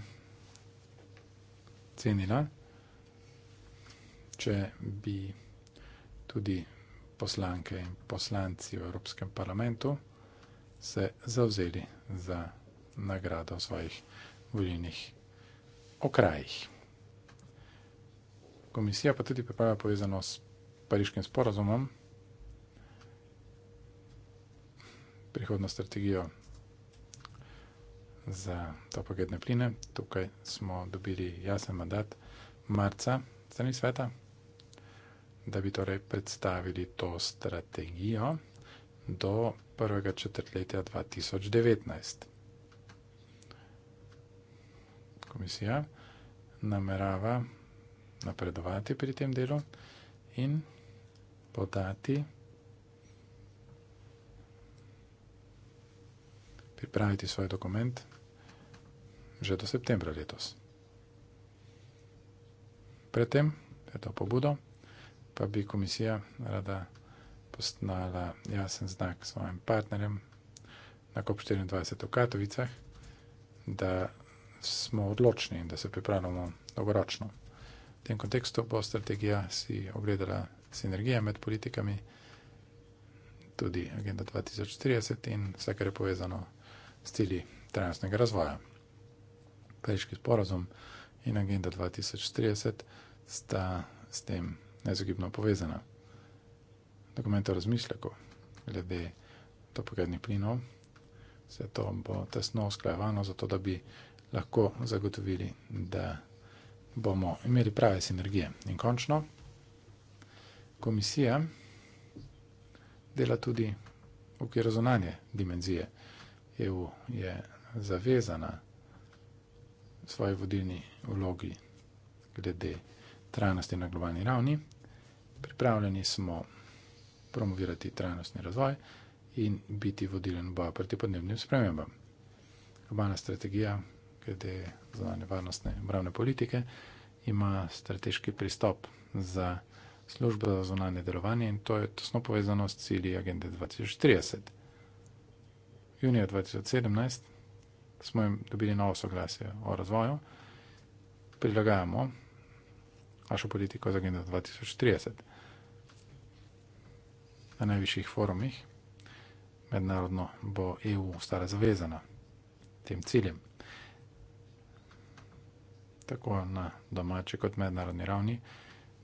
cenila, če bi tudi poslanke in poslanci v Evropskem parlamentu se zauzeli za nagrado v svojih volilnih okrajih. Komisija pa tudi pripravlja povezano s pariškim sporazumom prihodno strategijo za topogedne pline. Tukaj smo dobili jasen mandat marca strani sveta, da bi torej predstavili to strategijo do prvega četrtletja 2019. Komisija namerava napredovati pri tem delu in podati pripraviti svoj dokument že do septembra letos. Predtem, to pobudo, pa bi komisija rada postnala jasen znak svojim partnerjem na COP24 v Katovicah, da smo odločni in da se pripravljamo dolgoročno. V tem kontekstu bo strategija si ogledala sinergije med politikami, tudi agenda 2030 in vse, kar je povezano s stili trenutnega razvoja. Pariški sporozum in agenda 2030 sta s tem neizogibno povezana. Dokument o razmisleku glede topogrednih plinov, vse to bo tesno usklajevano, zato da bi lahko zagotovili, da bomo imeli prave sinergije. In končno, komisija dela tudi v okviru zunanje dimenzije. EU je zavezana svoji vodilni vlogi glede trajnosti na globalni ravni. Pripravljeni smo promovirati trajnostni razvoj in biti vodilen v boju proti podnebnim spremembam. Globalna strategija glede zunanje varnostne obravne politike ima strateški pristop za službo za zunanje delovanje in to je tesno povezano s cilji agende 2030 junija 2017 smo jim dobili novo soglasje o razvoju, prilagajamo našo politiko za agendo 2030 na najvišjih forumih. Mednarodno bo EU ostala zavezana tem ciljem, tako na domači kot mednarodni ravni,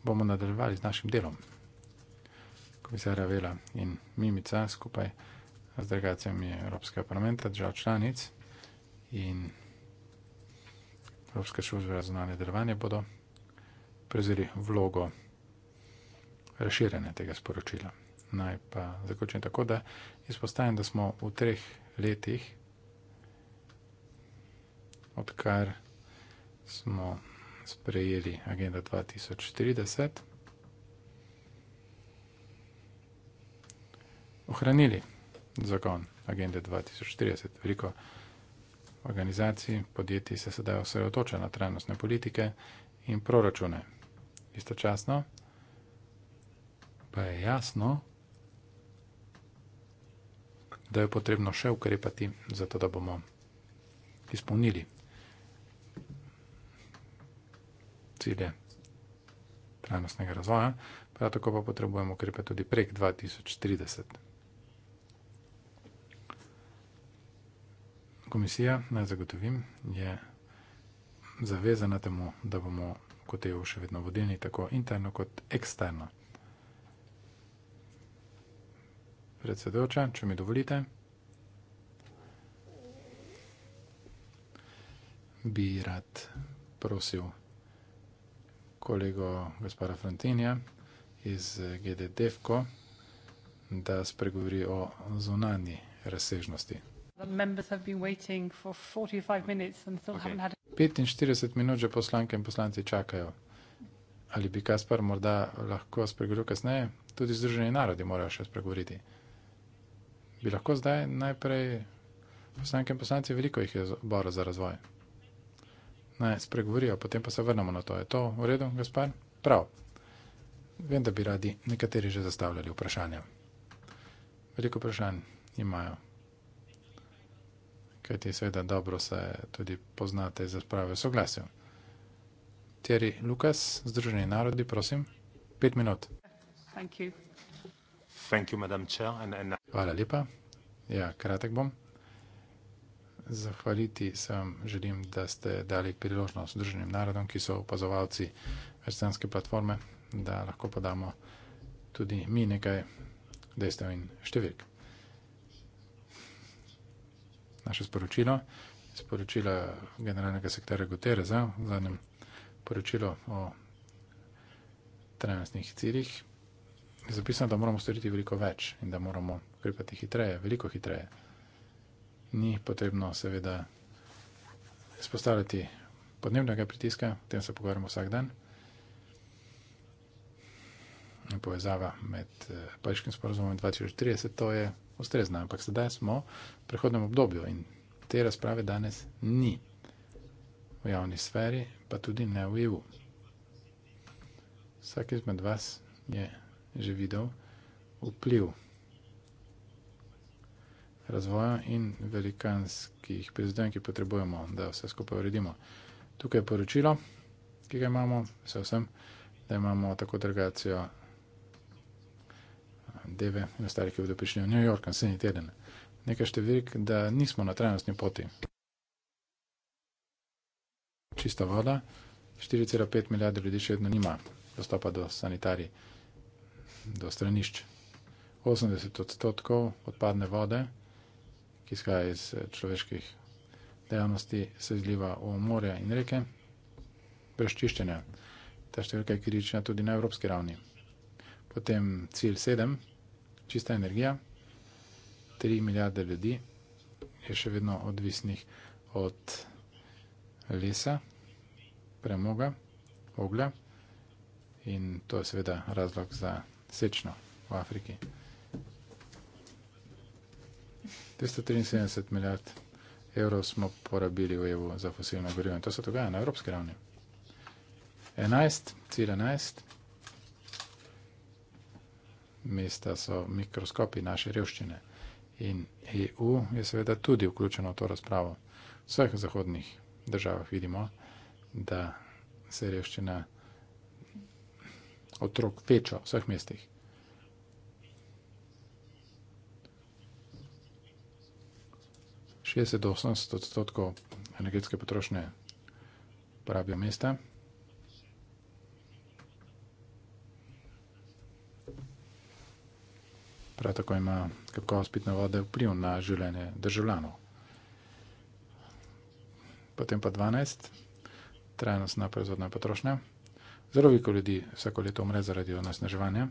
bomo nadaljevali z našim delom. Komisarja Vela in Mimica skupaj z delegacijami Evropskega parlamenta, držav članic in Evropske službe za zunanje delovanje bodo prevzeli vlogo razširjanja tega sporočila. Naj pa zaključim tako, da izpostavim, da smo v treh letih, odkar smo sprejeli agenda 2030, ohranili zagon agende 2030. Veliko organizacij, podjetij se sedaj osredotoča na trajnostne politike in proračune. Istočasno pa je jasno, da je potrebno še ukrepati, zato da bomo izpolnili cilje trajnostnega razvoja, prav tako pa potrebujemo ukrepe tudi prek 2030. Komisija, naj zagotovim, je zavezana temu, da bomo kot EU še vedno vodilni, tako interno kot eksterno. Predsedujoča, če mi dovolite, bi rad prosil kolego gospoda Frantinja iz GDDFKO, da spregovori o zunanji razsežnosti 45 minut že poslanke in poslanci čakajo. Ali bi Kaspar morda lahko spregovoril kasneje? Tudi Združeni narodi morajo še spregovoriti. Bi lahko zdaj najprej poslanke in poslanci, veliko jih je boro za razvoj. Naj spregovorijo, potem pa se vrnemo na to. Je to v redu, gospod? Prav. Vem, da bi radi nekateri že zastavljali vprašanja. Veliko vprašanj imajo kajti seveda dobro se tudi poznate za sprave soglasja. Tjeri Lukas, Združeni narodi, prosim, pet minut.
Thank you.
Thank you, Chair, and, and...
Hvala lepa. Ja, kratek bom. Zahvaliti se vam želim, da ste dali priložnost Združenim narodom, ki so opazovalci večstranske platforme, da lahko podamo tudi mi nekaj dejstev in številk naše sporočilo, sporočilo generalnega sektora Gotere za zadnjem poročilo o trenutnih ciljih, je zapisano, da moramo storiti veliko več in da moramo ukrepati hitreje, veliko hitreje. Ni potrebno seveda izpostavljati podnebnega pritiska, o tem se pogovarjamo vsak dan. Povezava med eh, Pariškim sporozumom in 2030, to je ustrezna, ampak sedaj smo v prehodnem obdobju in te razprave danes ni v javni sferi, pa tudi ne v EU. Vsak izmed vas je že videl vpliv razvoja in velikanskih prizadevanj, ki potrebujemo, da vse skupaj uredimo. Tukaj je poročilo, ki ga imamo, vse vsem, da imamo tako delegacijo deve in ostali, ki bodo prišli v New York naslednji teden. Nekaj številk, da nismo na trajnostni poti. Čista voda, 4,5 milijarde ljudi še vedno nima dostopa do sanitarij, do stranišč. 80 odstotkov odpadne vode, ki skaja iz eh, človeških dejavnosti, se izliva v morja in reke, brez čiščenja. Ta številka je kritična tudi na evropski ravni. Potem cilj 7, čista energija, 3 milijarde ljudi je še vedno odvisnih od lesa, premoga, oglja in to je seveda razlog za sečno v Afriki. 273 milijard evrov smo porabili v EU za fosilno gorivo in to se dogaja na evropski ravni. 11, cilj 11, mesta so mikroskopi naše revščine. In EU je seveda tudi vključena v to razpravo. V vseh zahodnih državah vidimo, da se revščina otrok veča v vseh mestih. Šestdeset do osemdeset odstotkov energetske potrošnje porabijo mesta. Prav tako ima kakovost pitne vode vpliv na življenje državljanov. Potem pa 12, trajnostna proizvodna potrošnja. Zelo veliko ljudi vsako leto umre zaradi onesnaževanja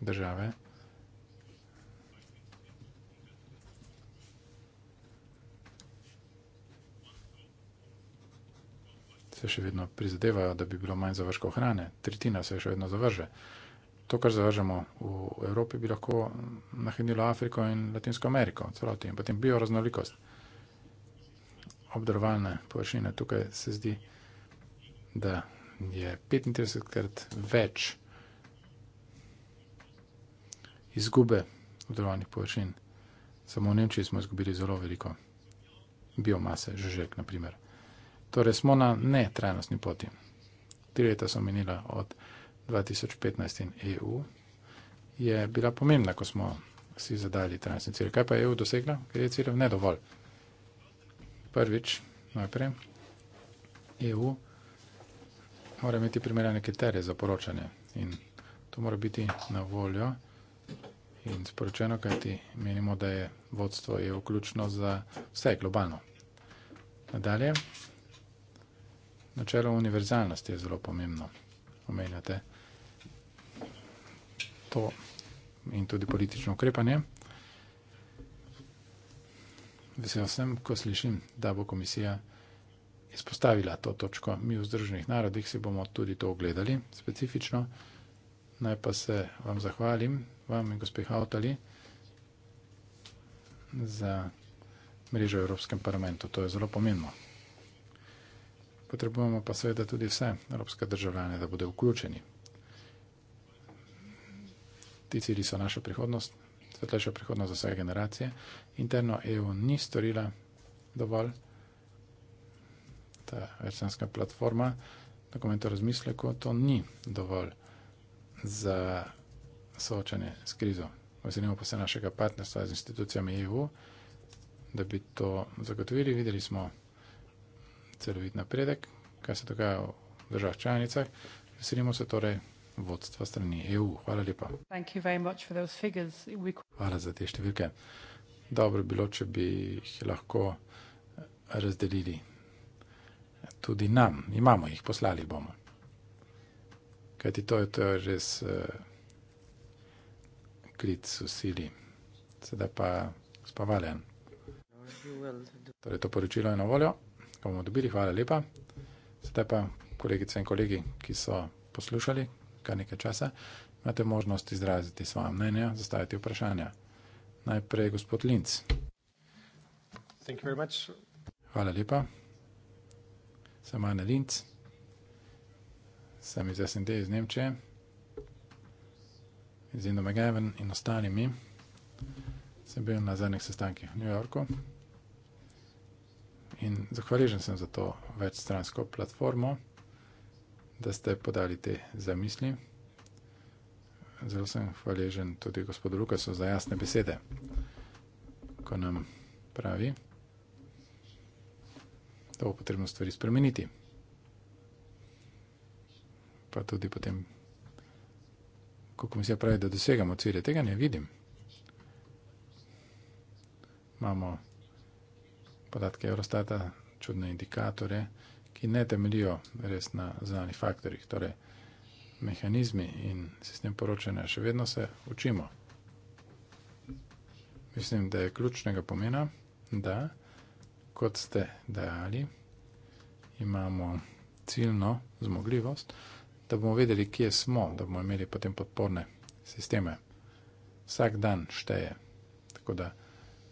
države. Se še vedno prizadevajo, da bi bilo manj završkov hrane, tretjina se še vedno zavrže to, kar zavržemo v Evropi, bi lahko nahranilo Afriko in Latinsko Ameriko, celotno in potem bioraznolikost. Obdorovalne površine tukaj se zdi, da je 35 krat več izgube obdorovalnih površin. Samo v Nemčiji smo izgubili zelo veliko biomase, žužek naprimer. Torej smo na netrajnostni poti. Tri leta so minila od 2015 in EU, je bila pomembna, ko smo si zadali trajnostni cilj. Kaj pa je EU dosegla? Ker je cilj ne dovolj. Prvič, najprej, EU mora imeti primerjane kriterije za poročanje in to mora biti na voljo in sporočeno, kajti menimo, da je vodstvo je vključno za vse globalno. Nadalje, načelo univerzalnosti je zelo pomembno. Omenjate, to in tudi politično ukrepanje. Vesel sem, ko slišim, da bo komisija izpostavila to točko. Mi v Združenih narodih si bomo tudi to ogledali specifično. Naj pa se vam zahvalim, vam in gospe Hautali, za mrežo v Evropskem parlamentu. To je zelo pomembno. Potrebujemo pa seveda tudi vse evropske državljane, da bodo vključeni Ti cilji so naša prihodnost, svetlejša prihodnost za vse generacije. Interno EU ni storila dovolj, ta večlanska platforma, dokument o razmisleku, to ni dovolj za soočanje s krizo. Veselimo pa se našega partnerstva z institucijami EU, da bi to zagotovili. Videli smo celovit napredek, kaj se dogaja v državah članicah. Veselimo se torej vodstva strani EU. Hvala lepa. Hvala za te številke. Dobro bi bilo, če bi jih lahko razdelili tudi nam. Imamo jih, poslali bomo. Kajti to je, to je res uh, eh, klic v sili. Sedaj pa spavaljen. Torej, to poročilo je na voljo, ko bomo dobili, hvala lepa. Sedaj pa kolegice in kolegi, ki so poslušali, kar nekaj časa, imate možnost izraziti svoje mnenje, zastaviti vprašanja. Najprej gospod Linc. Hvala lepa. Sem Ana Linc. Sem iz SND iz Nemčije. Iz Indo McGavin in ostalimi. Sem bil na zadnjih sestankih v New Yorku. In zahvaližen sem za to večstransko platformo da ste podali te zamisli. Zelo sem hvaležen tudi gospodu Lukasu za jasne besede, ko nam pravi, da bo potrebno stvari spremeniti. Pa tudi potem, ko komisija pravi, da dosegamo cilje, tega ne vidim. Imamo podatke Eurostata, čudne indikatore ki ne temeljijo res na znanih faktorjih. Torej, mehanizmi in sistem poročanja še vedno se učimo. Mislim, da je ključnega pomena, da kot ste dejali, imamo ciljno zmogljivost, da bomo vedeli, kje smo, da bomo imeli potem podporne sisteme. Vsak dan šteje, tako da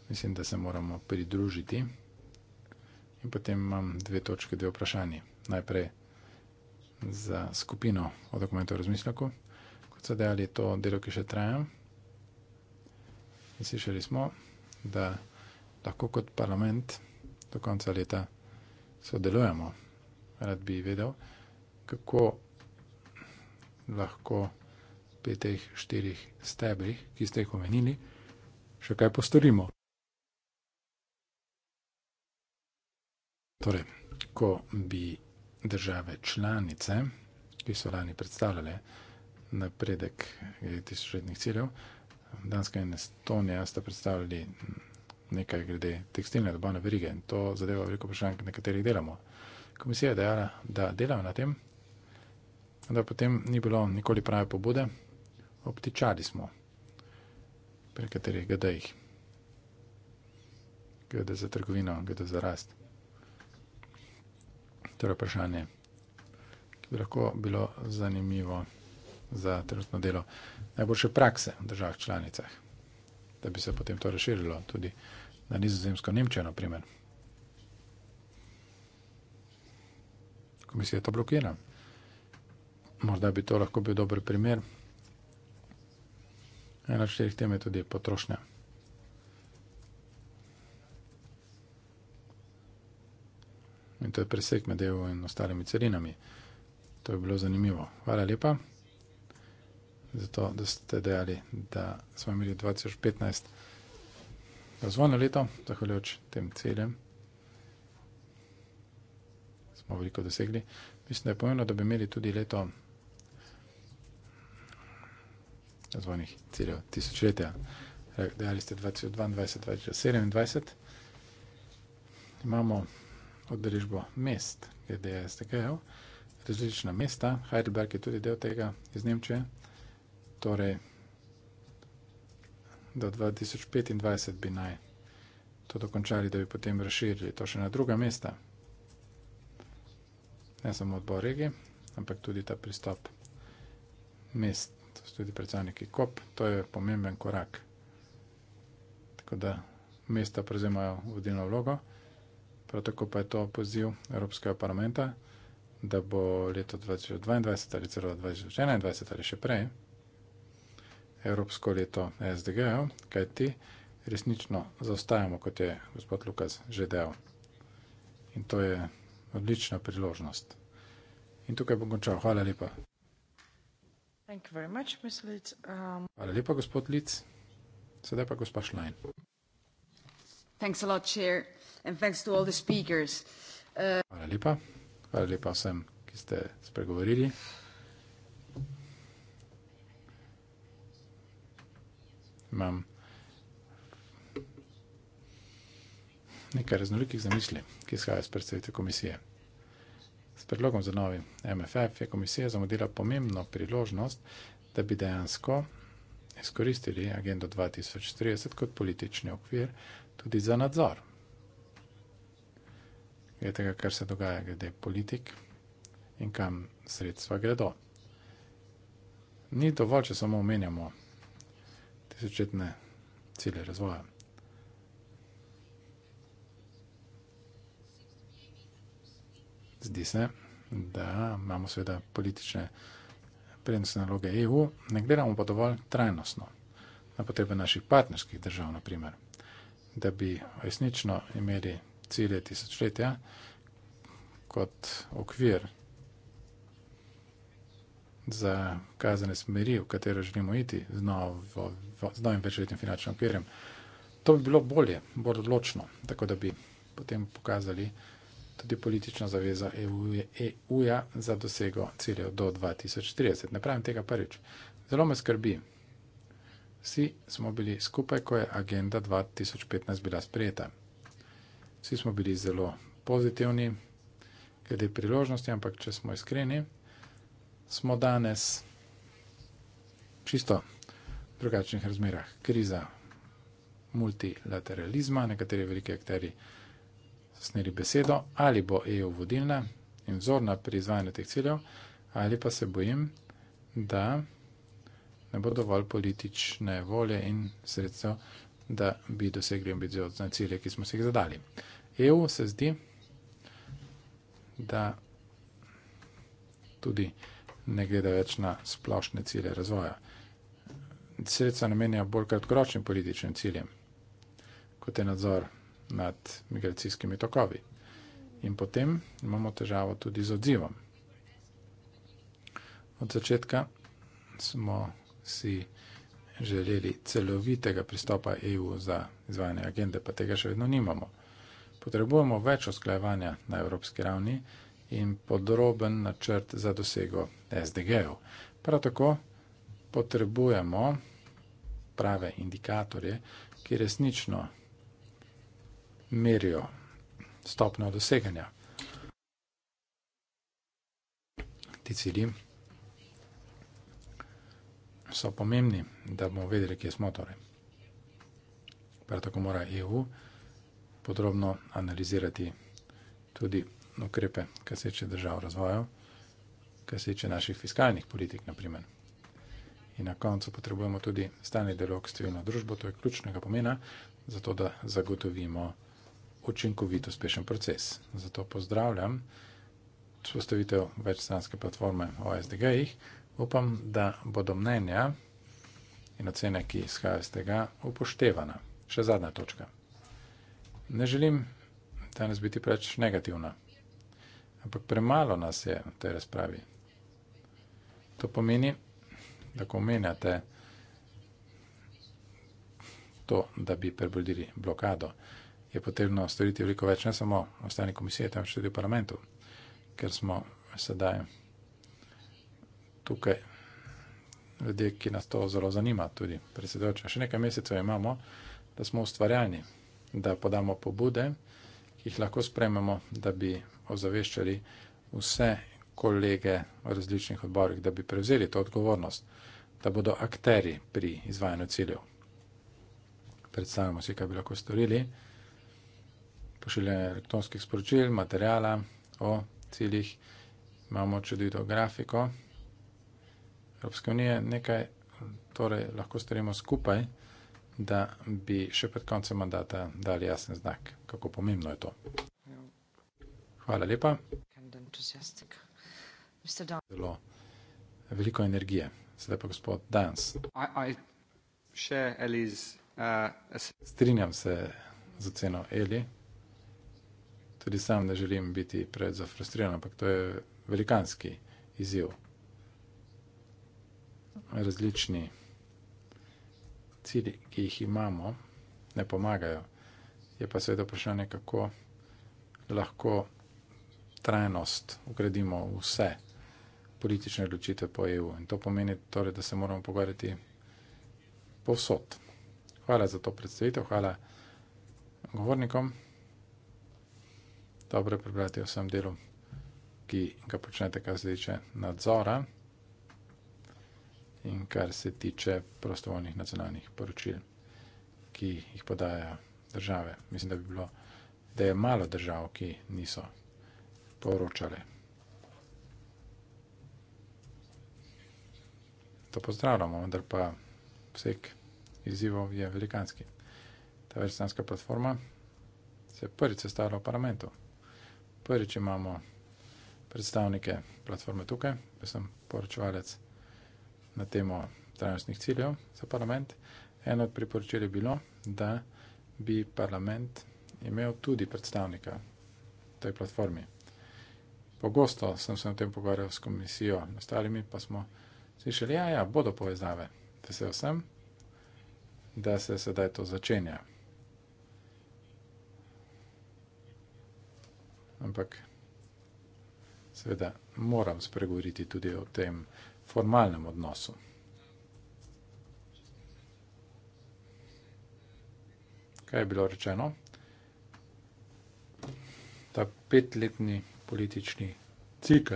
mislim, da se moramo pridružiti. In potem imam dve točke, dve vprašanje. Najprej za skupino o dokumentu razmisleku. Kot so dejali, je to delo, ki še traja. In slišali smo, da lahko kot parlament do konca leta sodelujemo. Rad bi vedel, kako lahko pri teh štirih stebrih, ki ste jih omenili, še kaj postorimo. Torej, ko bi države članice, ki so lani predstavljale napredek glede tisočletnih ciljev, Danska in Estonija sta predstavljali nekaj glede tekstilne dobane verige in to zadeva veliko vprašanj, na katerih delamo. Komisija je dejala, da delajo na tem, da potem ni bilo nikoli prave pobude, obtičali smo pri katerih GD-jih. GD za trgovino, GD za rast hitro vprašanje, ki bi lahko bilo zanimivo za trenutno delo. Najboljše prakse v državah članicah, da bi se potem to razširilo tudi na nizozemsko Nemčijo, naprimer. Komisija to blokira. Morda bi to lahko bil dober primer. Ena od štirih tem je tudi potrošnja. In to je presek med EU in ostalimi carinami. To je bilo zanimivo. Hvala lepa za to, da ste dejali, da smo imeli 2015 razvojno leto, zahvaljujoč tem ciljem. Smo veliko dosegli. Mislim, da je pomembno, da bi imeli tudi leto razvojnih ciljev tisočletja. Dejali ste 2022, 2027. Imamo odrežbo mest, glede SDG-jev, različna mesta, Heidelberg je tudi del tega iz Nemčije, torej do 2025 bi naj to dokončali, da bi potem razširili to še na druga mesta. Ne samo odbor regi, ampak tudi ta pristop mest, to so tudi predstavniki KOP, to je pomemben korak. Tako da mesta prezemajo vodilno vlogo, Prav tako pa je to poziv Evropskega parlamenta, da bo leto 2022 ali celo 2021 ali še prej Evropsko leto SDG, kaj ti resnično zaostajamo, kot je gospod Lukas že del. In to je odlična priložnost. In tukaj bom končal. Hvala lepa. Um, Hvala lepa, gospod Lic. Sedaj pa gospod Šlajn.
Thanks a lot, chair, and thanks to all the speakers. Uh... Hvala lepa.
Hvala lepa vsem, ki ste spregovorili. Imam nekaj raznolikih zamisli, ki izhajajo iz predstavitve komisije. S predlogom za novi MFF je komisija zamudila pomembno priložnost, da bi dejansko izkoristili agendo 2030 kot politični okvir tudi za nadzor. Glede tega, kar se dogaja glede politik in kam sredstva gredo. Ni dovolj, če samo omenjamo tisočetne cilje razvoja. Zdi se, da imamo seveda politične prednostne naloge EU, ne gledamo pa dovolj trajnostno na potrebe naših partnerskih držav, naprimer da bi resnično imeli cilje tisočletja kot okvir za kazane smeri, v katero želimo iti z, novo, z novim večletnim finančnim okvirjem. To bi bilo bolje, bolj odločno, tako da bi potem pokazali tudi politično zavezo EU-ja e EU za dosego ciljev do 2030. Ne pravim tega prvič. Zelo me skrbi, Vsi smo bili skupaj, ko je agenda 2015 bila sprejeta. Vsi smo bili zelo pozitivni glede priložnosti, ampak če smo iskreni, smo danes čisto v drugačnih razmerah. Kriza multilateralizma, nekateri veliki akteri so sneli besedo, ali bo EU vodilna in vzorna pri izvajanju teh ciljev, ali pa se bojim, da ne bo dovolj politične volje in sredstev, da bi dosegli ambiciozne cilje, ki smo si jih zadali. EU se zdi, da tudi ne gleda več na splošne cilje razvoja. Sredstva namenja bolj kratkoročnim političnim ciljem, kot je nadzor nad migracijskimi tokovi. In potem imamo težavo tudi z odzivom. Od začetka smo si želeli celovitega pristopa EU za izvajanje agende, pa tega še vedno nimamo. Potrebujemo več osklajevanja na evropski ravni in podroben načrt za dosego SDG-ov. Prav tako potrebujemo prave indikatorje, ki resnično merijo stopno doseganja. Ti cilji so pomembni, da bomo vedeli, kje smo torej. Prav tako mora EU podrobno analizirati tudi ukrepe, kar se tiče držav razvoja, kar se tiče naših fiskalnih politik, naprimer. In na koncu potrebujemo tudi stani dialog s civilno družbo, to je ključnega pomena, zato da zagotovimo učinkovit uspešen proces. Zato pozdravljam vzpostavitev večstranske platforme OSDG-jih upam, da bodo mnenja in ocene, ki izhajajo iz tega, upoštevana. Še zadnja točka. Ne želim danes biti preveč negativna, ampak premalo nas je v tej razpravi. To pomeni, da ko omenjate to, da bi prebrodili blokado, je potrebno storiti veliko več, ne samo v ostalih komisijah, temveč tudi v parlamentu, ker smo sedaj tukaj ljudje, ki nas to zelo zanima, tudi predsedujoča. Še nekaj mesecev imamo, da smo ustvarjalni, da podamo pobude, ki jih lahko sprememo, da bi ozaveščali vse kolege v različnih odborih, da bi prevzeli to odgovornost, da bodo akteri pri izvajanju ciljev. Predstavljamo si, kaj bi lahko storili. Pošiljanje elektronskih sporočil, materijala o ciljih. Imamo čudovito grafiko. Evropske unije nekaj, torej lahko stremo skupaj, da bi še pred koncem mandata dali jasen znak, kako pomembno je to. Hvala lepa.
Zelo
veliko energije. Sedaj pa gospod Dajans. Uh, Strinjam se z oceno Eli. Tudi sam ne želim biti preveč zafrustriran, ampak to je velikanski izziv različni cilji, ki jih imamo, ne pomagajo. Je pa seveda vprašanje, kako lahko trajnost ugradimo vse politične odločitve po EU. In to pomeni torej, da se moramo pogovarjati povsod. Hvala za to predstavitev, hvala govornikom. Dobro je prebrati vsem delu, ki ga počnete, kar se tiče nadzora in kar se tiče prostovoljnih nacionalnih poročil, ki jih podaja države. Mislim, da, bi bilo, da je malo držav, ki niso poročale. To pozdravljamo, vendar pa vsek izzivov je velikanski. Ta večstranska platforma se je prvič sestavila v parlamentu. Prvič imamo predstavnike platforme tukaj, jaz sem poročevalec na temo trajnostnih ciljev za parlament. Eno od priporočil je bilo, da bi parlament imel tudi predstavnika tej platformi. Pogosto sem se o tem pogovarjal s komisijo, ostalimi pa smo slišali, ja, ja, bodo povezave. Vesel sem, da se sedaj to začenja. Ampak, seveda, moram spregovoriti tudi o tem, formalnem odnosu. Kaj je bilo rečeno? Ta petletni politični cikl.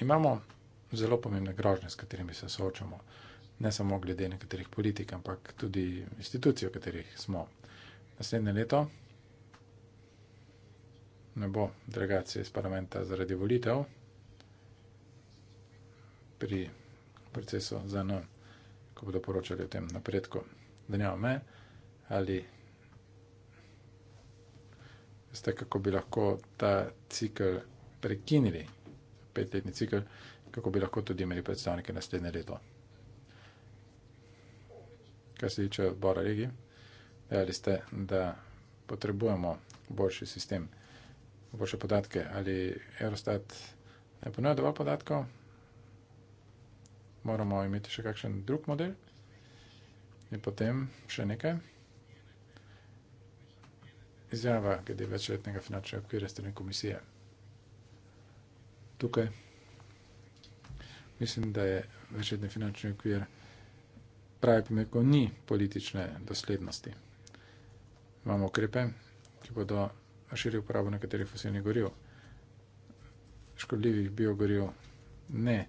Imamo zelo pomembne grožnje, s katerimi se soočamo, ne samo glede nekaterih politik, ampak tudi institucij, v katerih smo. Naslednje leto ne bo delegacije iz parlamenta zaradi volitev pri procesu ZN, ko bodo poročali o tem napredku. Danjal me, ali veste, kako bi lahko ta cikl prekinili, petletni cikl, kako bi lahko tudi imeli predstavnike naslednje leto. Kaj se tiče odbora regij, dejali ste, da potrebujemo boljši sistem regij, boljše podatke. Ali Eurostat ne ponuja dovolj podatkov? Moramo imeti še kakšen drug model? In potem še nekaj. Izjava glede večletnega finančnega okvira strani komisije. Tukaj mislim, da je večletni finančni okvir pravi primer, ko ni politične doslednosti. Imamo ukrepe, ki bodo širi uporabo nekaterih fosilnih goriv, škodljivih biogoriv, ne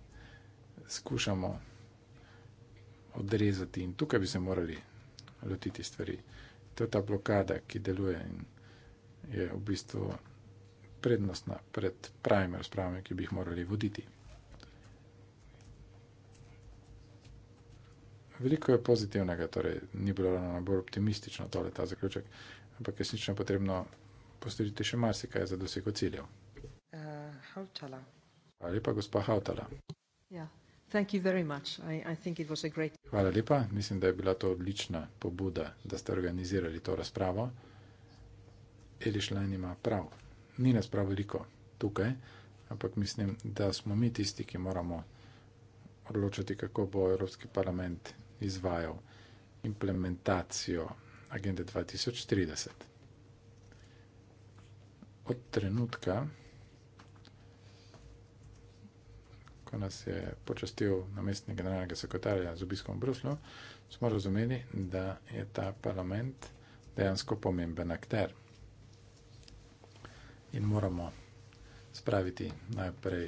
skušamo odrezati in tukaj bi se morali lotiti stvari. To je ta blokada, ki deluje in je v bistvu prednostna pred pravimi razpravami, ki bi jih morali voditi. Veliko je pozitivnega, torej ni bilo ravno najbolj optimistično tole ta zaključek, ampak resnično je potrebno postorite še marsikaj za dosego ciljev.
Uh, Hvala
lepa, gospa Hautala.
Yeah. I, I great...
Hvala lepa, mislim, da je bila to odlična pobuda, da ste organizirali to razpravo. Elišlajn ima prav. Ni nas prav veliko tukaj, ampak mislim, da smo mi tisti, ki moramo odločiti, kako bo Evropski parlament izvajal implementacijo agende 2030 od trenutka, ko nas je počastil namestnik generalnega sekretarja z obiskom v Bruslu, smo razumeli, da je ta parlament dejansko pomemben akter. In moramo spraviti najprej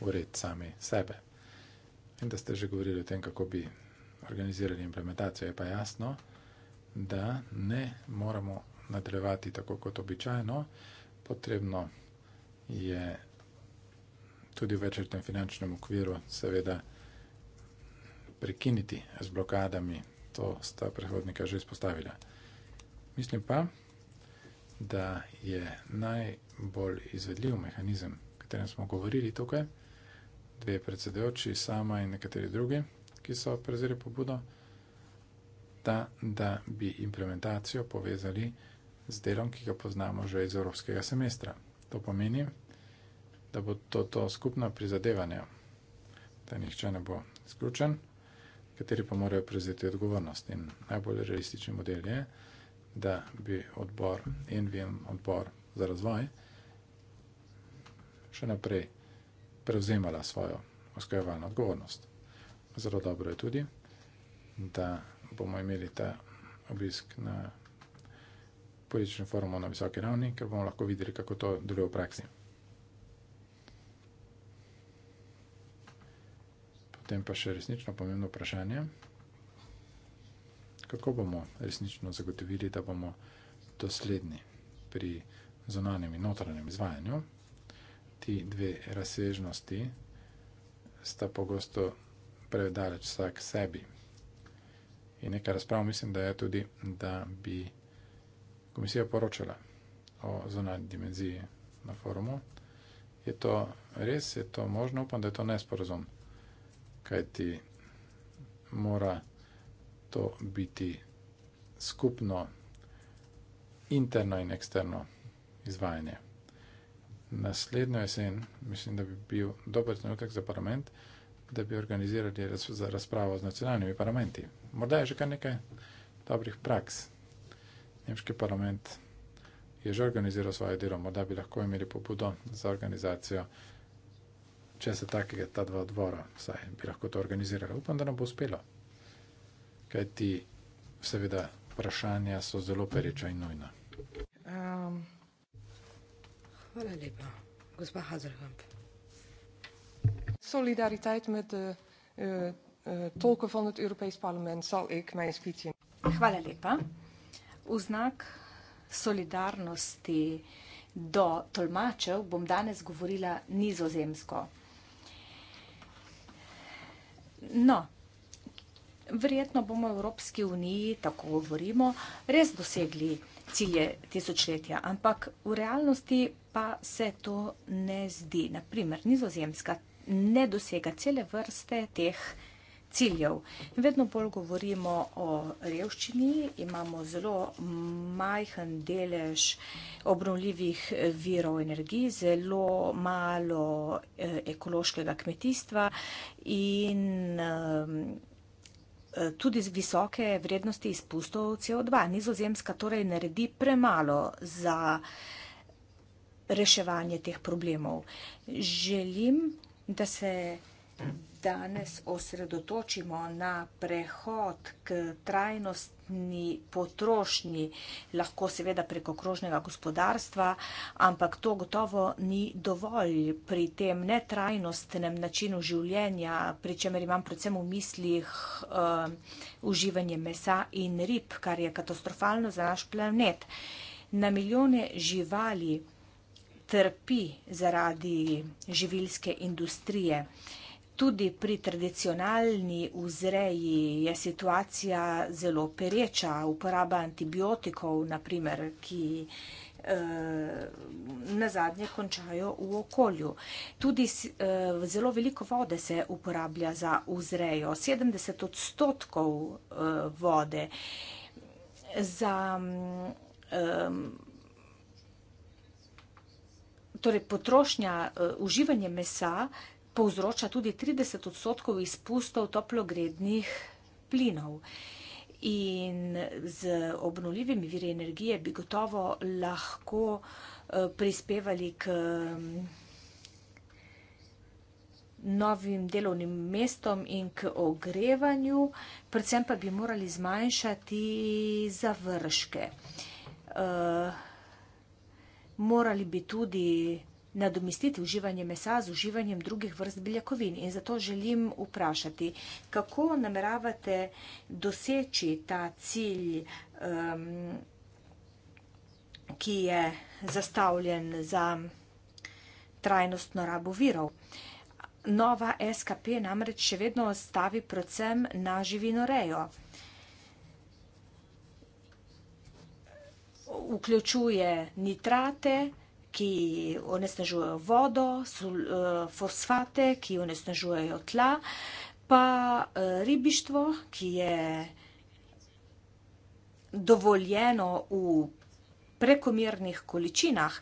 ured sami sebe. In da ste že govorili o tem, kako bi organizirali implementacijo, je pa jasno, da ne moramo nadaljevati tako kot običajno, potrebno je tudi v večrtem finančnem okviru seveda prekiniti z blokadami, to sta prehodnika že izpostavila. Mislim pa, da je najbolj izvedljiv mehanizem, o katerem smo govorili tukaj, dve predsedojoči, sama in nekateri drugi, ki so prezirali pobudo, da, da bi implementacijo povezali z delom, ki ga poznamo že iz evropskega semestra. To pomeni, da bo to, to skupna prizadevanja, da nihče ne bo izključen, kateri pa morajo prevzeti odgovornost. In najbolj realističen model je, da bi odbor NVM, odbor za razvoj, še naprej prevzemala svojo oskojevalno odgovornost. Zelo dobro je tudi, da bomo imeli ta obisk na politično forum na visoki ravni, ker bomo lahko videli, kako to deluje v praksi. Potem pa še resnično pomembno vprašanje, kako bomo resnično zagotovili, da bomo dosledni pri zonanjem in notranjem izvajanju. Ti dve razsežnosti sta pogosto preveč daleč vsak sebi. In nekaj razprav mislim, da je tudi, da bi komisija poročala o zunanji dimenziji na forumu. Je to res, je to možno, upam, da je to nesporazum, kaj ti mora to biti skupno interno in eksterno izvajanje. Naslednjo jesen mislim, da bi bil dober trenutek za parlament, da bi organizirali razpravo z nacionalnimi parlamenti. Morda je že kar nekaj dobrih praks. Nemški parlament je že organiziral svoje delo, morda bi lahko imeli pobudo za organizacijo, če se takega ta dva odvora, saj bi lahko to organizirali. Upam, da nam bo uspelo. Kaj ti, seveda, vprašanja so zelo pereča in nujna.
Um, hvala lepa, gospa Hazelhamp. Solidariteit
med uh, eh, uh, eh, tolkom od Evropskega parlamenta, sal ik, mijn spitje. Hvala lepa. V znak solidarnosti do tolmačev bom danes govorila nizozemsko. No, verjetno bomo v Evropski uniji, tako govorimo, res dosegli cilje tisočletja, ampak v realnosti pa se to ne zdi. Naprimer, nizozemska ne dosega cele vrste teh cilje ciljev. Vedno bolj govorimo o revščini, imamo zelo majhen delež obnovljivih virov energij, zelo malo eh, ekološkega kmetijstva in eh, eh, tudi z visoke vrednosti izpustov CO2. Nizozemska torej naredi premalo za reševanje teh problemov. Želim, da se danes osredotočimo na prehod k trajnostni potrošnji, lahko seveda preko krožnega gospodarstva, ampak to gotovo ni dovolj pri tem netrajnostnem načinu življenja, pri čemer imam predvsem v mislih uh, uživanje mesa in rib, kar je katastrofalno za naš planet. Na milijone živali trpi zaradi živilske industrije. Tudi pri tradicionalni vzreji je situacija zelo pereča. Uporaba antibiotikov, naprimer, ki eh, na zadnje končajo v okolju. Tudi eh, zelo veliko vode se uporablja za vzrejo. 70 odstotkov eh, vode za torej potrošnja, uživanje mesa povzroča tudi 30 odstotkov izpustov toplogrednih plinov. In z obnovljivimi viri energije bi gotovo lahko eh, prispevali k mm, novim delovnim mestom in k ogrevanju, predvsem pa bi morali zmanjšati završke. Eh, morali bi tudi zmanjšati nadomestiti uživanje mesa z uživanjem drugih vrst beljakovin. In zato želim vprašati, kako nameravate doseči ta cilj, um, ki je zastavljen za trajnostno rabo virov. Nova SKP namreč še vedno stavi predvsem na živinorejo. Vključuje nitrate, ki onesnažujejo vodo, sol, eh, fosfate, ki onesnažujejo tla, pa eh, ribištvo, ki je dovoljeno v prekomernih količinah.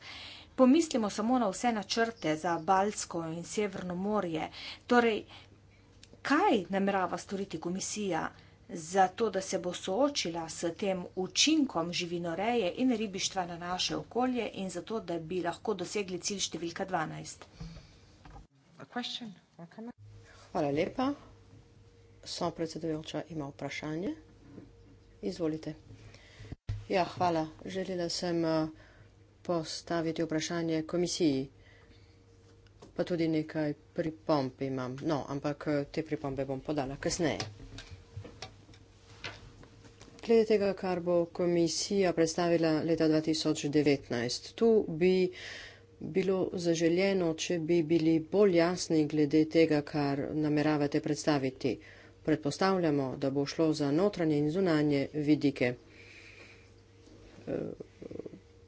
Pomislimo samo na vse načrte za Balsko in Severno morje. Torej, kaj namerava storiti komisija? zato da se bo soočila s tem učinkom živinoreje in ribištva na naše okolje in zato, da bi lahko dosegli cilj številka 12. Hvala
lepa. So predsedujoča ima vprašanje. Izvolite. Ja, hvala. Želela sem eh, postaviti vprašanje komisiji, pa tudi nekaj pripomb imam. No, ampak eh, te pripombe bom podala kasneje razplet tega, kar bo komisija predstavila leta 2019. Tu bi bilo zaželjeno, če bi bili bolj jasni glede tega, kar nameravate predstaviti. Predpostavljamo, da bo šlo za notranje in zunanje vidike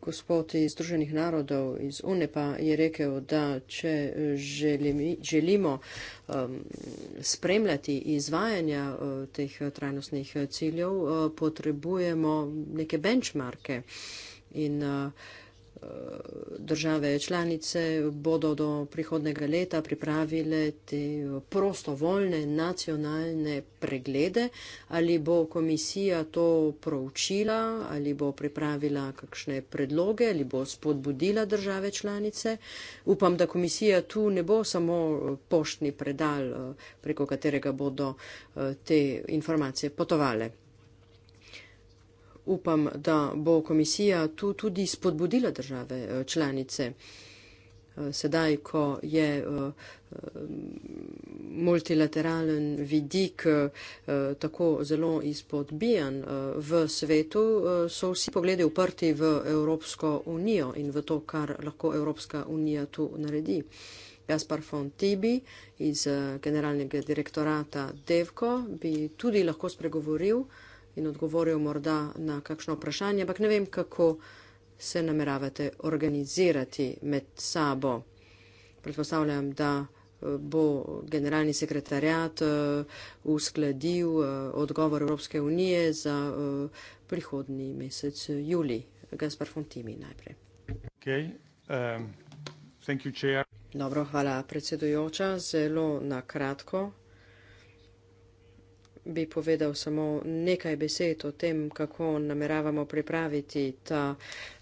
gospod iz Združenih narodov iz UNEPA je rekel, da če želimi, želimo um, spremljati izvajanja uh, teh uh, trajnostnih uh, ciljev, uh, potrebujemo neke benchmarke in uh, države članice bodo do prihodnega leta pripravile te prostovoljne nacionalne preglede, ali bo komisija to proučila, ali bo pripravila kakšne predloge, ali bo spodbudila države članice. Upam, da komisija tu ne bo samo poštni predal, preko katerega bodo eh, te informacije potovale upam, da bo komisija tu tudi spodbudila države eh, članice. Eh, sedaj, ko je eh, multilateralen vidik tako zelo izpodbijan v svetu, so vsi pogledi uprti v Evropsko unijo in v to, kar lahko Evropska unija tu naredi. Gaspar Fontibi iz generalnega direktorata Devko bi tudi lahko spregovoril in odgovoril morda na kakšno vprašanje, ampak ne vem, kako se nameravate organizirati med sabo. Predpostavljam, da eh, bo generalni sekretarjat eh, uskladil eh, odgovor Evropske unije za prihodni mesec juli. Gaspar Fontimi najprej. Okay. Um, you, Dobro, hvala predsedujoča. Zelo nakratko bi povedal samo nekaj besed o tem, kako nameravamo pripraviti ta,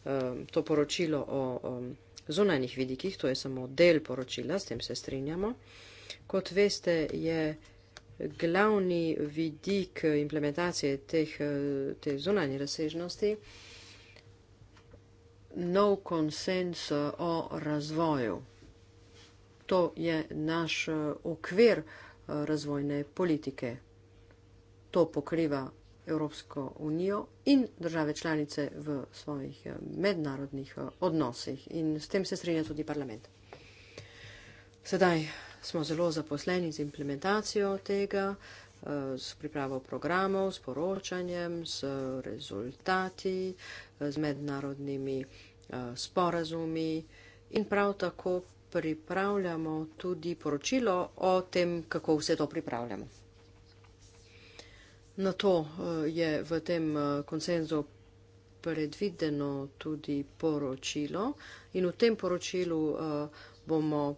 um, to poročilo o, o um, zunanjih vidikih. To je samo del poročila, s tem se strinjamo. Kot veste, je glavni vidik implementacije teh, uh, te zunanje razsežnosti nov konsens uh, o razvoju. To je naš uh, okvir razvojne politike to pokriva Evropsko unijo in države članice v svojih eh, mednarodnih eh, odnosih in s tem se strinja tudi parlament. Sedaj smo zelo zaposleni z implementacijo tega, eh, s pripravo programov, s poročanjem, s rezultati, z mednarodnimi sporazumi in prav tako pripravljamo tudi poročilo o tem, kako vse to pripravljamo. Na to eh, je v tem eh, konsenzu predvideno tudi poročilo in v tem poročilu eh, bomo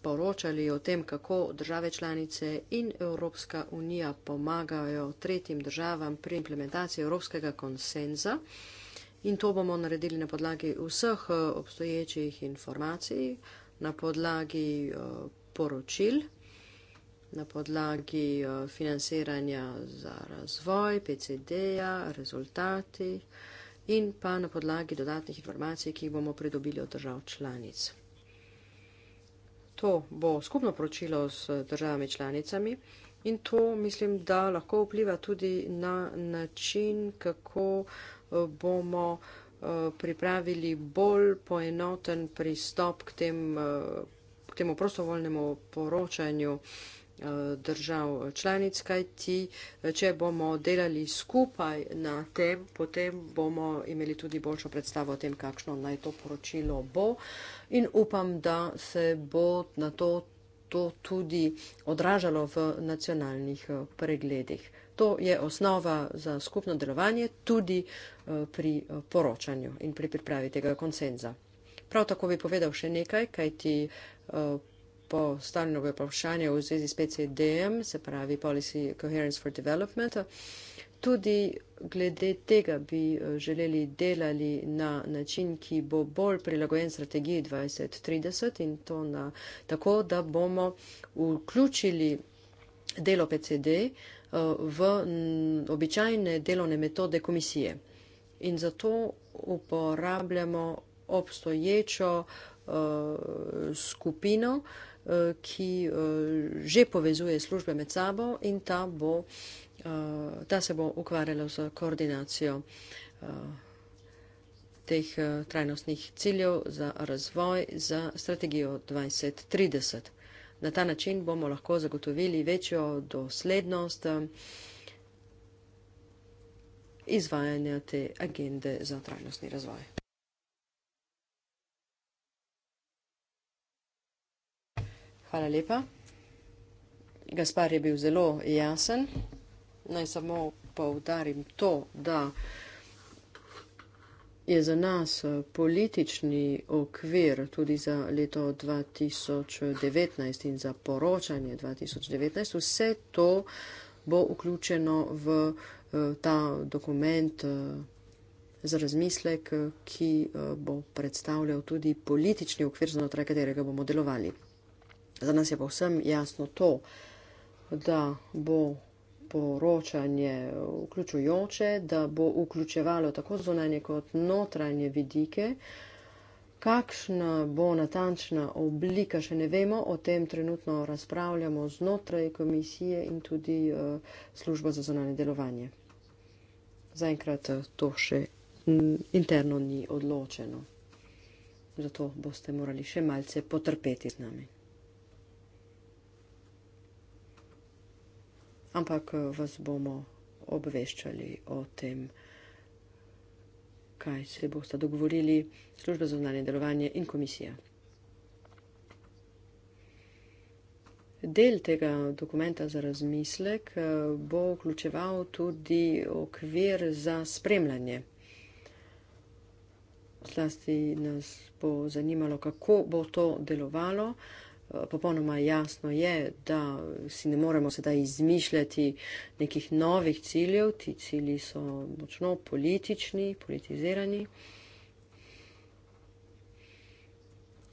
poročali o tem, kako države članice in Evropska unija pomagajo tretjim državam pri implementaciji Evropskega konsenza. In to bomo naredili na podlagi vseh obstoječih informacij, na podlagi poročil na podlagi eh, financiranja za razvoj, PCD-ja, rezultati in pa na podlagi dodatnih informacij, ki jih bomo pridobili od držav članic. To bo skupno poročilo s državami članicami in to mislim, da lahko vpliva tudi na način, kako eh, bomo eh, pripravili bolj poenoten pristop k, tem, k temu prostovoljnemu poročanju. Eh, držav članic, kajti eh, če bomo delali skupaj na tem, potem bomo imeli tudi boljšo predstavo o tem, kakšno naj to poročilo bo in upam, da se bo na to, to tudi odražalo v nacionalnih eh, pregledih. To je osnova za skupno delovanje tudi pri poročanju in pri pripravi tega konsenza. Prav tako bi povedal še nekaj, kajti po stalno vprašanje v zvezi s PCD-jem, se pravi Policy Coherence for Development. Tudi glede tega bi eh, želeli delali na način, ki bo bolj prilagojen strategiji 2030 in to na, tako, da bomo vključili delo PCD eh, v običajne delovne metode komisije. In zato uporabljamo obstoječo uh, skupino, uh, ki eh, že povezuje službe med sabo in ta, bo, eh, ta se bo ukvarjala z koordinacijo eh, teh trajnostnih ciljev za razvoj za strategijo 2030. Na ta način bomo lahko zagotovili večjo doslednost izvajanja te agende za trajnostni razvoj. Hvala lepa. Gaspar je bil zelo jasen. Naj samo povdarim to, da je za nas eh, politični okvir tudi za leto 2019 in za poročanje 2019. Vse to bo vključeno v eh, ta dokument eh, za razmislek, ki bo predstavljal tudi politični okvir, znotraj katerega bomo delovali. Za nas je povsem jasno to, da bo poročanje vključujoče, da bo vključevalo tako zunanje kot notranje vidike. Kakšna bo natančna oblika, še ne vemo, o tem trenutno razpravljamo znotraj komisije in tudi eh, službo za zunanje delovanje. Zaenkrat eh, to še interno ni odločeno. Zato boste morali še malce potrpeti z nami. ampak eh, vas bomo obveščali o tem, kaj se boste dogovorili služba za zunanje delovanje in komisija. Del tega dokumenta za razmislek eh, bo vključeval tudi okvir za spremljanje. Zlasti nas bo zanimalo, kako bo to delovalo. Uh, Eh, popolnoma jasno je, da si ne moremo sedaj izmišljati nekih novih ciljev, ti cilji so močno politični, politizirani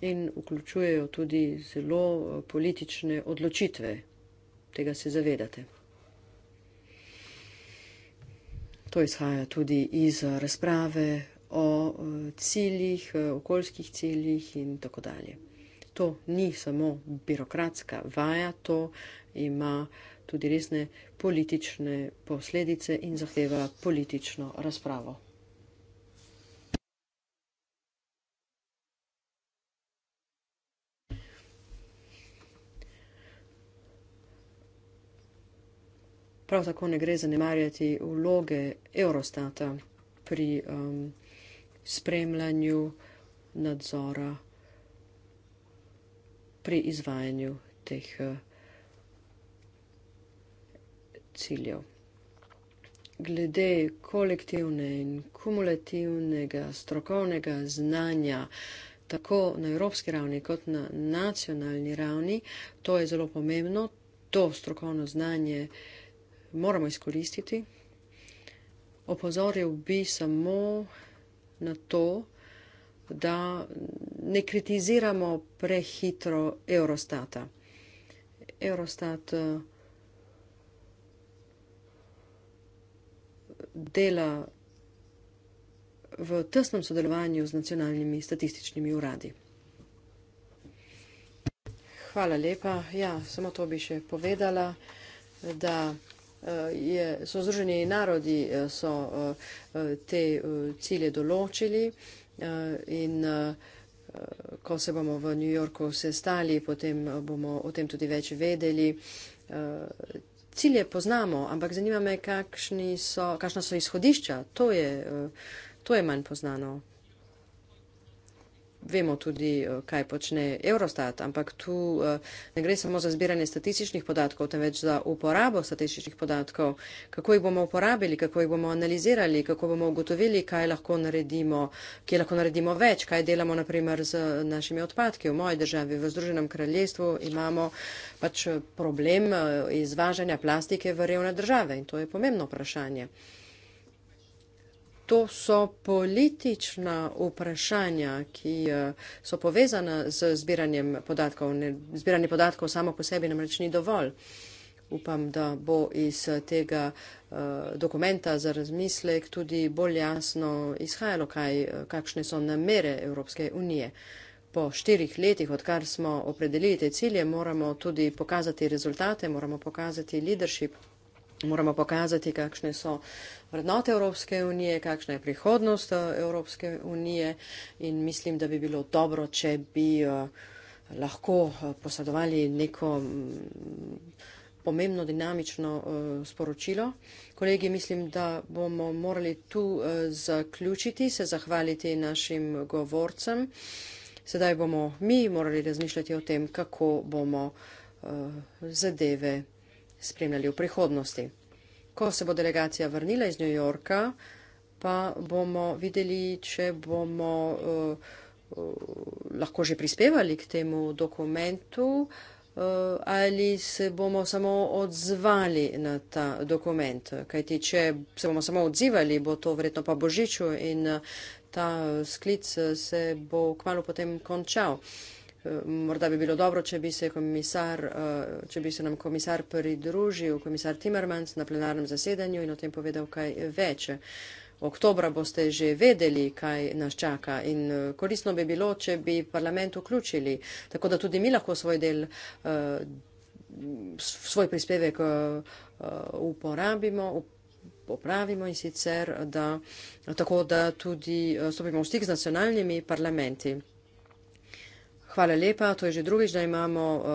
in vključujejo tudi zelo eh, politične odločitve, tega se zavedate. To izhaja tudi iz razprave o eh, ciljih, okoljskih ciljih in tako dalje to ni samo birokratska vaja, to ima tudi resne politične posledice in zahteva politično razpravo. Prav tako ne gre zanemarjati vloge Eurostata pri um, spremljanju nadzora pri izvajanju teh eh, ciljev. Glede kolektivne in kumulativnega strokovnega znanja, tako na evropski ravni kot na nacionalni ravni, to je zelo pomembno. To strokovno znanje moramo izkoristiti. Opozoril bi samo na to, da ne kritiziramo prehitro Eurostata. Eurostat eh, dela v tesnem sodelovanju z nacionalnimi statističnimi uradi. Hvala lepa. Ja, samo to bi še povedala, da eh, je, so Združeni narodi eh, so te cilje določili. Eh, in eh, ko se bomo v New Yorku sestali, potem bomo o tem tudi več vedeli. Eh, cilje poznamo, ampak zanima me, so, kakšna so izhodišča. To je, to je manj poznano vemo tudi, eh, kaj počne Eurostat, ampak tu eh, ne gre samo za zbiranje statističnih podatkov, temveč za uporabo statističnih podatkov, kako jih bomo uporabili, kako jih bomo analizirali, kako bomo ugotovili, kaj lahko naredimo, kje lahko naredimo več, kaj delamo naprimer z eh, našimi odpadki. V moji državi, v Združenem kraljestvu, imamo pač problem izvažanja plastike v revne države in to je pomembno vprašanje. To so politična vprašanja, ki eh, so povezana z zbiranjem podatkov. Zbiranje podatkov samo po sebi namreč ni dovolj. Upam, da bo iz tega eh, dokumenta za razmislek tudi bolj jasno izhajalo, kaj, eh, kakšne so namere Evropske unije. Po štirih letih, odkar smo opredelili te cilje, moramo tudi pokazati rezultate, moramo pokazati leadership moramo pokazati, kakšne so vrednote Evropske unije, kakšna je prihodnost eh, Evropske unije in mislim, da bi bilo dobro, če bi eh, lahko eh, posadovali neko mm, pomembno dinamično uh, sporočilo. Kolegi, mislim, da bomo morali tu uh, zaključiti, se zahvaliti našim govorcem. Sedaj bomo mi morali razmišljati o tem, kako bomo uh, zadeve spremljali v prihodnosti. Ko se bo delegacija vrnila iz New Yorka, pa bomo videli, če bomo uh, uh, lahko že prispevali k temu dokumentu uh, ali se bomo samo odzvali na ta dokument. Kajti, če se bomo samo odzivali, bo to verjetno pa božiču in ta sklic se bo kmalo potem končal. Uh, morda bi bilo dobro, če bi se, komisar, eh, če bi se nam komisar pridružil, komisar Timmermans na plenarnem zasedanju in o tem povedal kaj več. Oktobra boste že vedeli, kaj nas čaka in eh, korisno bi bilo, če bi parlament vključili, tako da tudi mi lahko svoj del, eh, svoj prispevek uporabimo, popravimo in sicer, da, tako da tudi stopimo v stik z nacionalnimi parlamenti. Hvala lepa. To je že drugič, da imamo uh,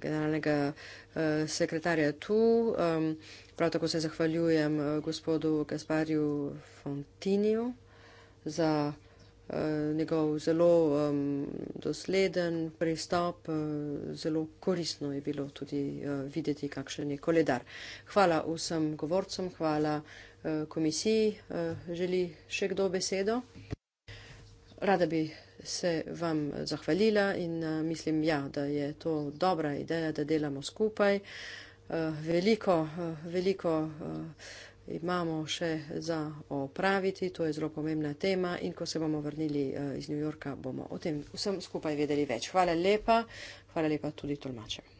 generalnega uh, sekretarja tu. Um, prav tako se zahvaljujem uh, gospodu Gaspariju Fontiniju za uh, njegov zelo um, dosleden pristop. Uh, zelo korisno je bilo tudi uh, videti, kakšen je koledar. Hvala vsem govorcem, hvala uh, komisiji. Uh, želi še kdo besedo? rada bi se vam zahvalila in uh, mislim, ja, da je to dobra ideja, da delamo skupaj. Uh, veliko, uh, veliko uh, imamo še za opraviti, to je zelo pomembna tema in ko se bomo vrnili uh, iz New Yorka, bomo o tem vsem skupaj vedeli več. Hvala lepa, hvala lepa tudi tolmačem.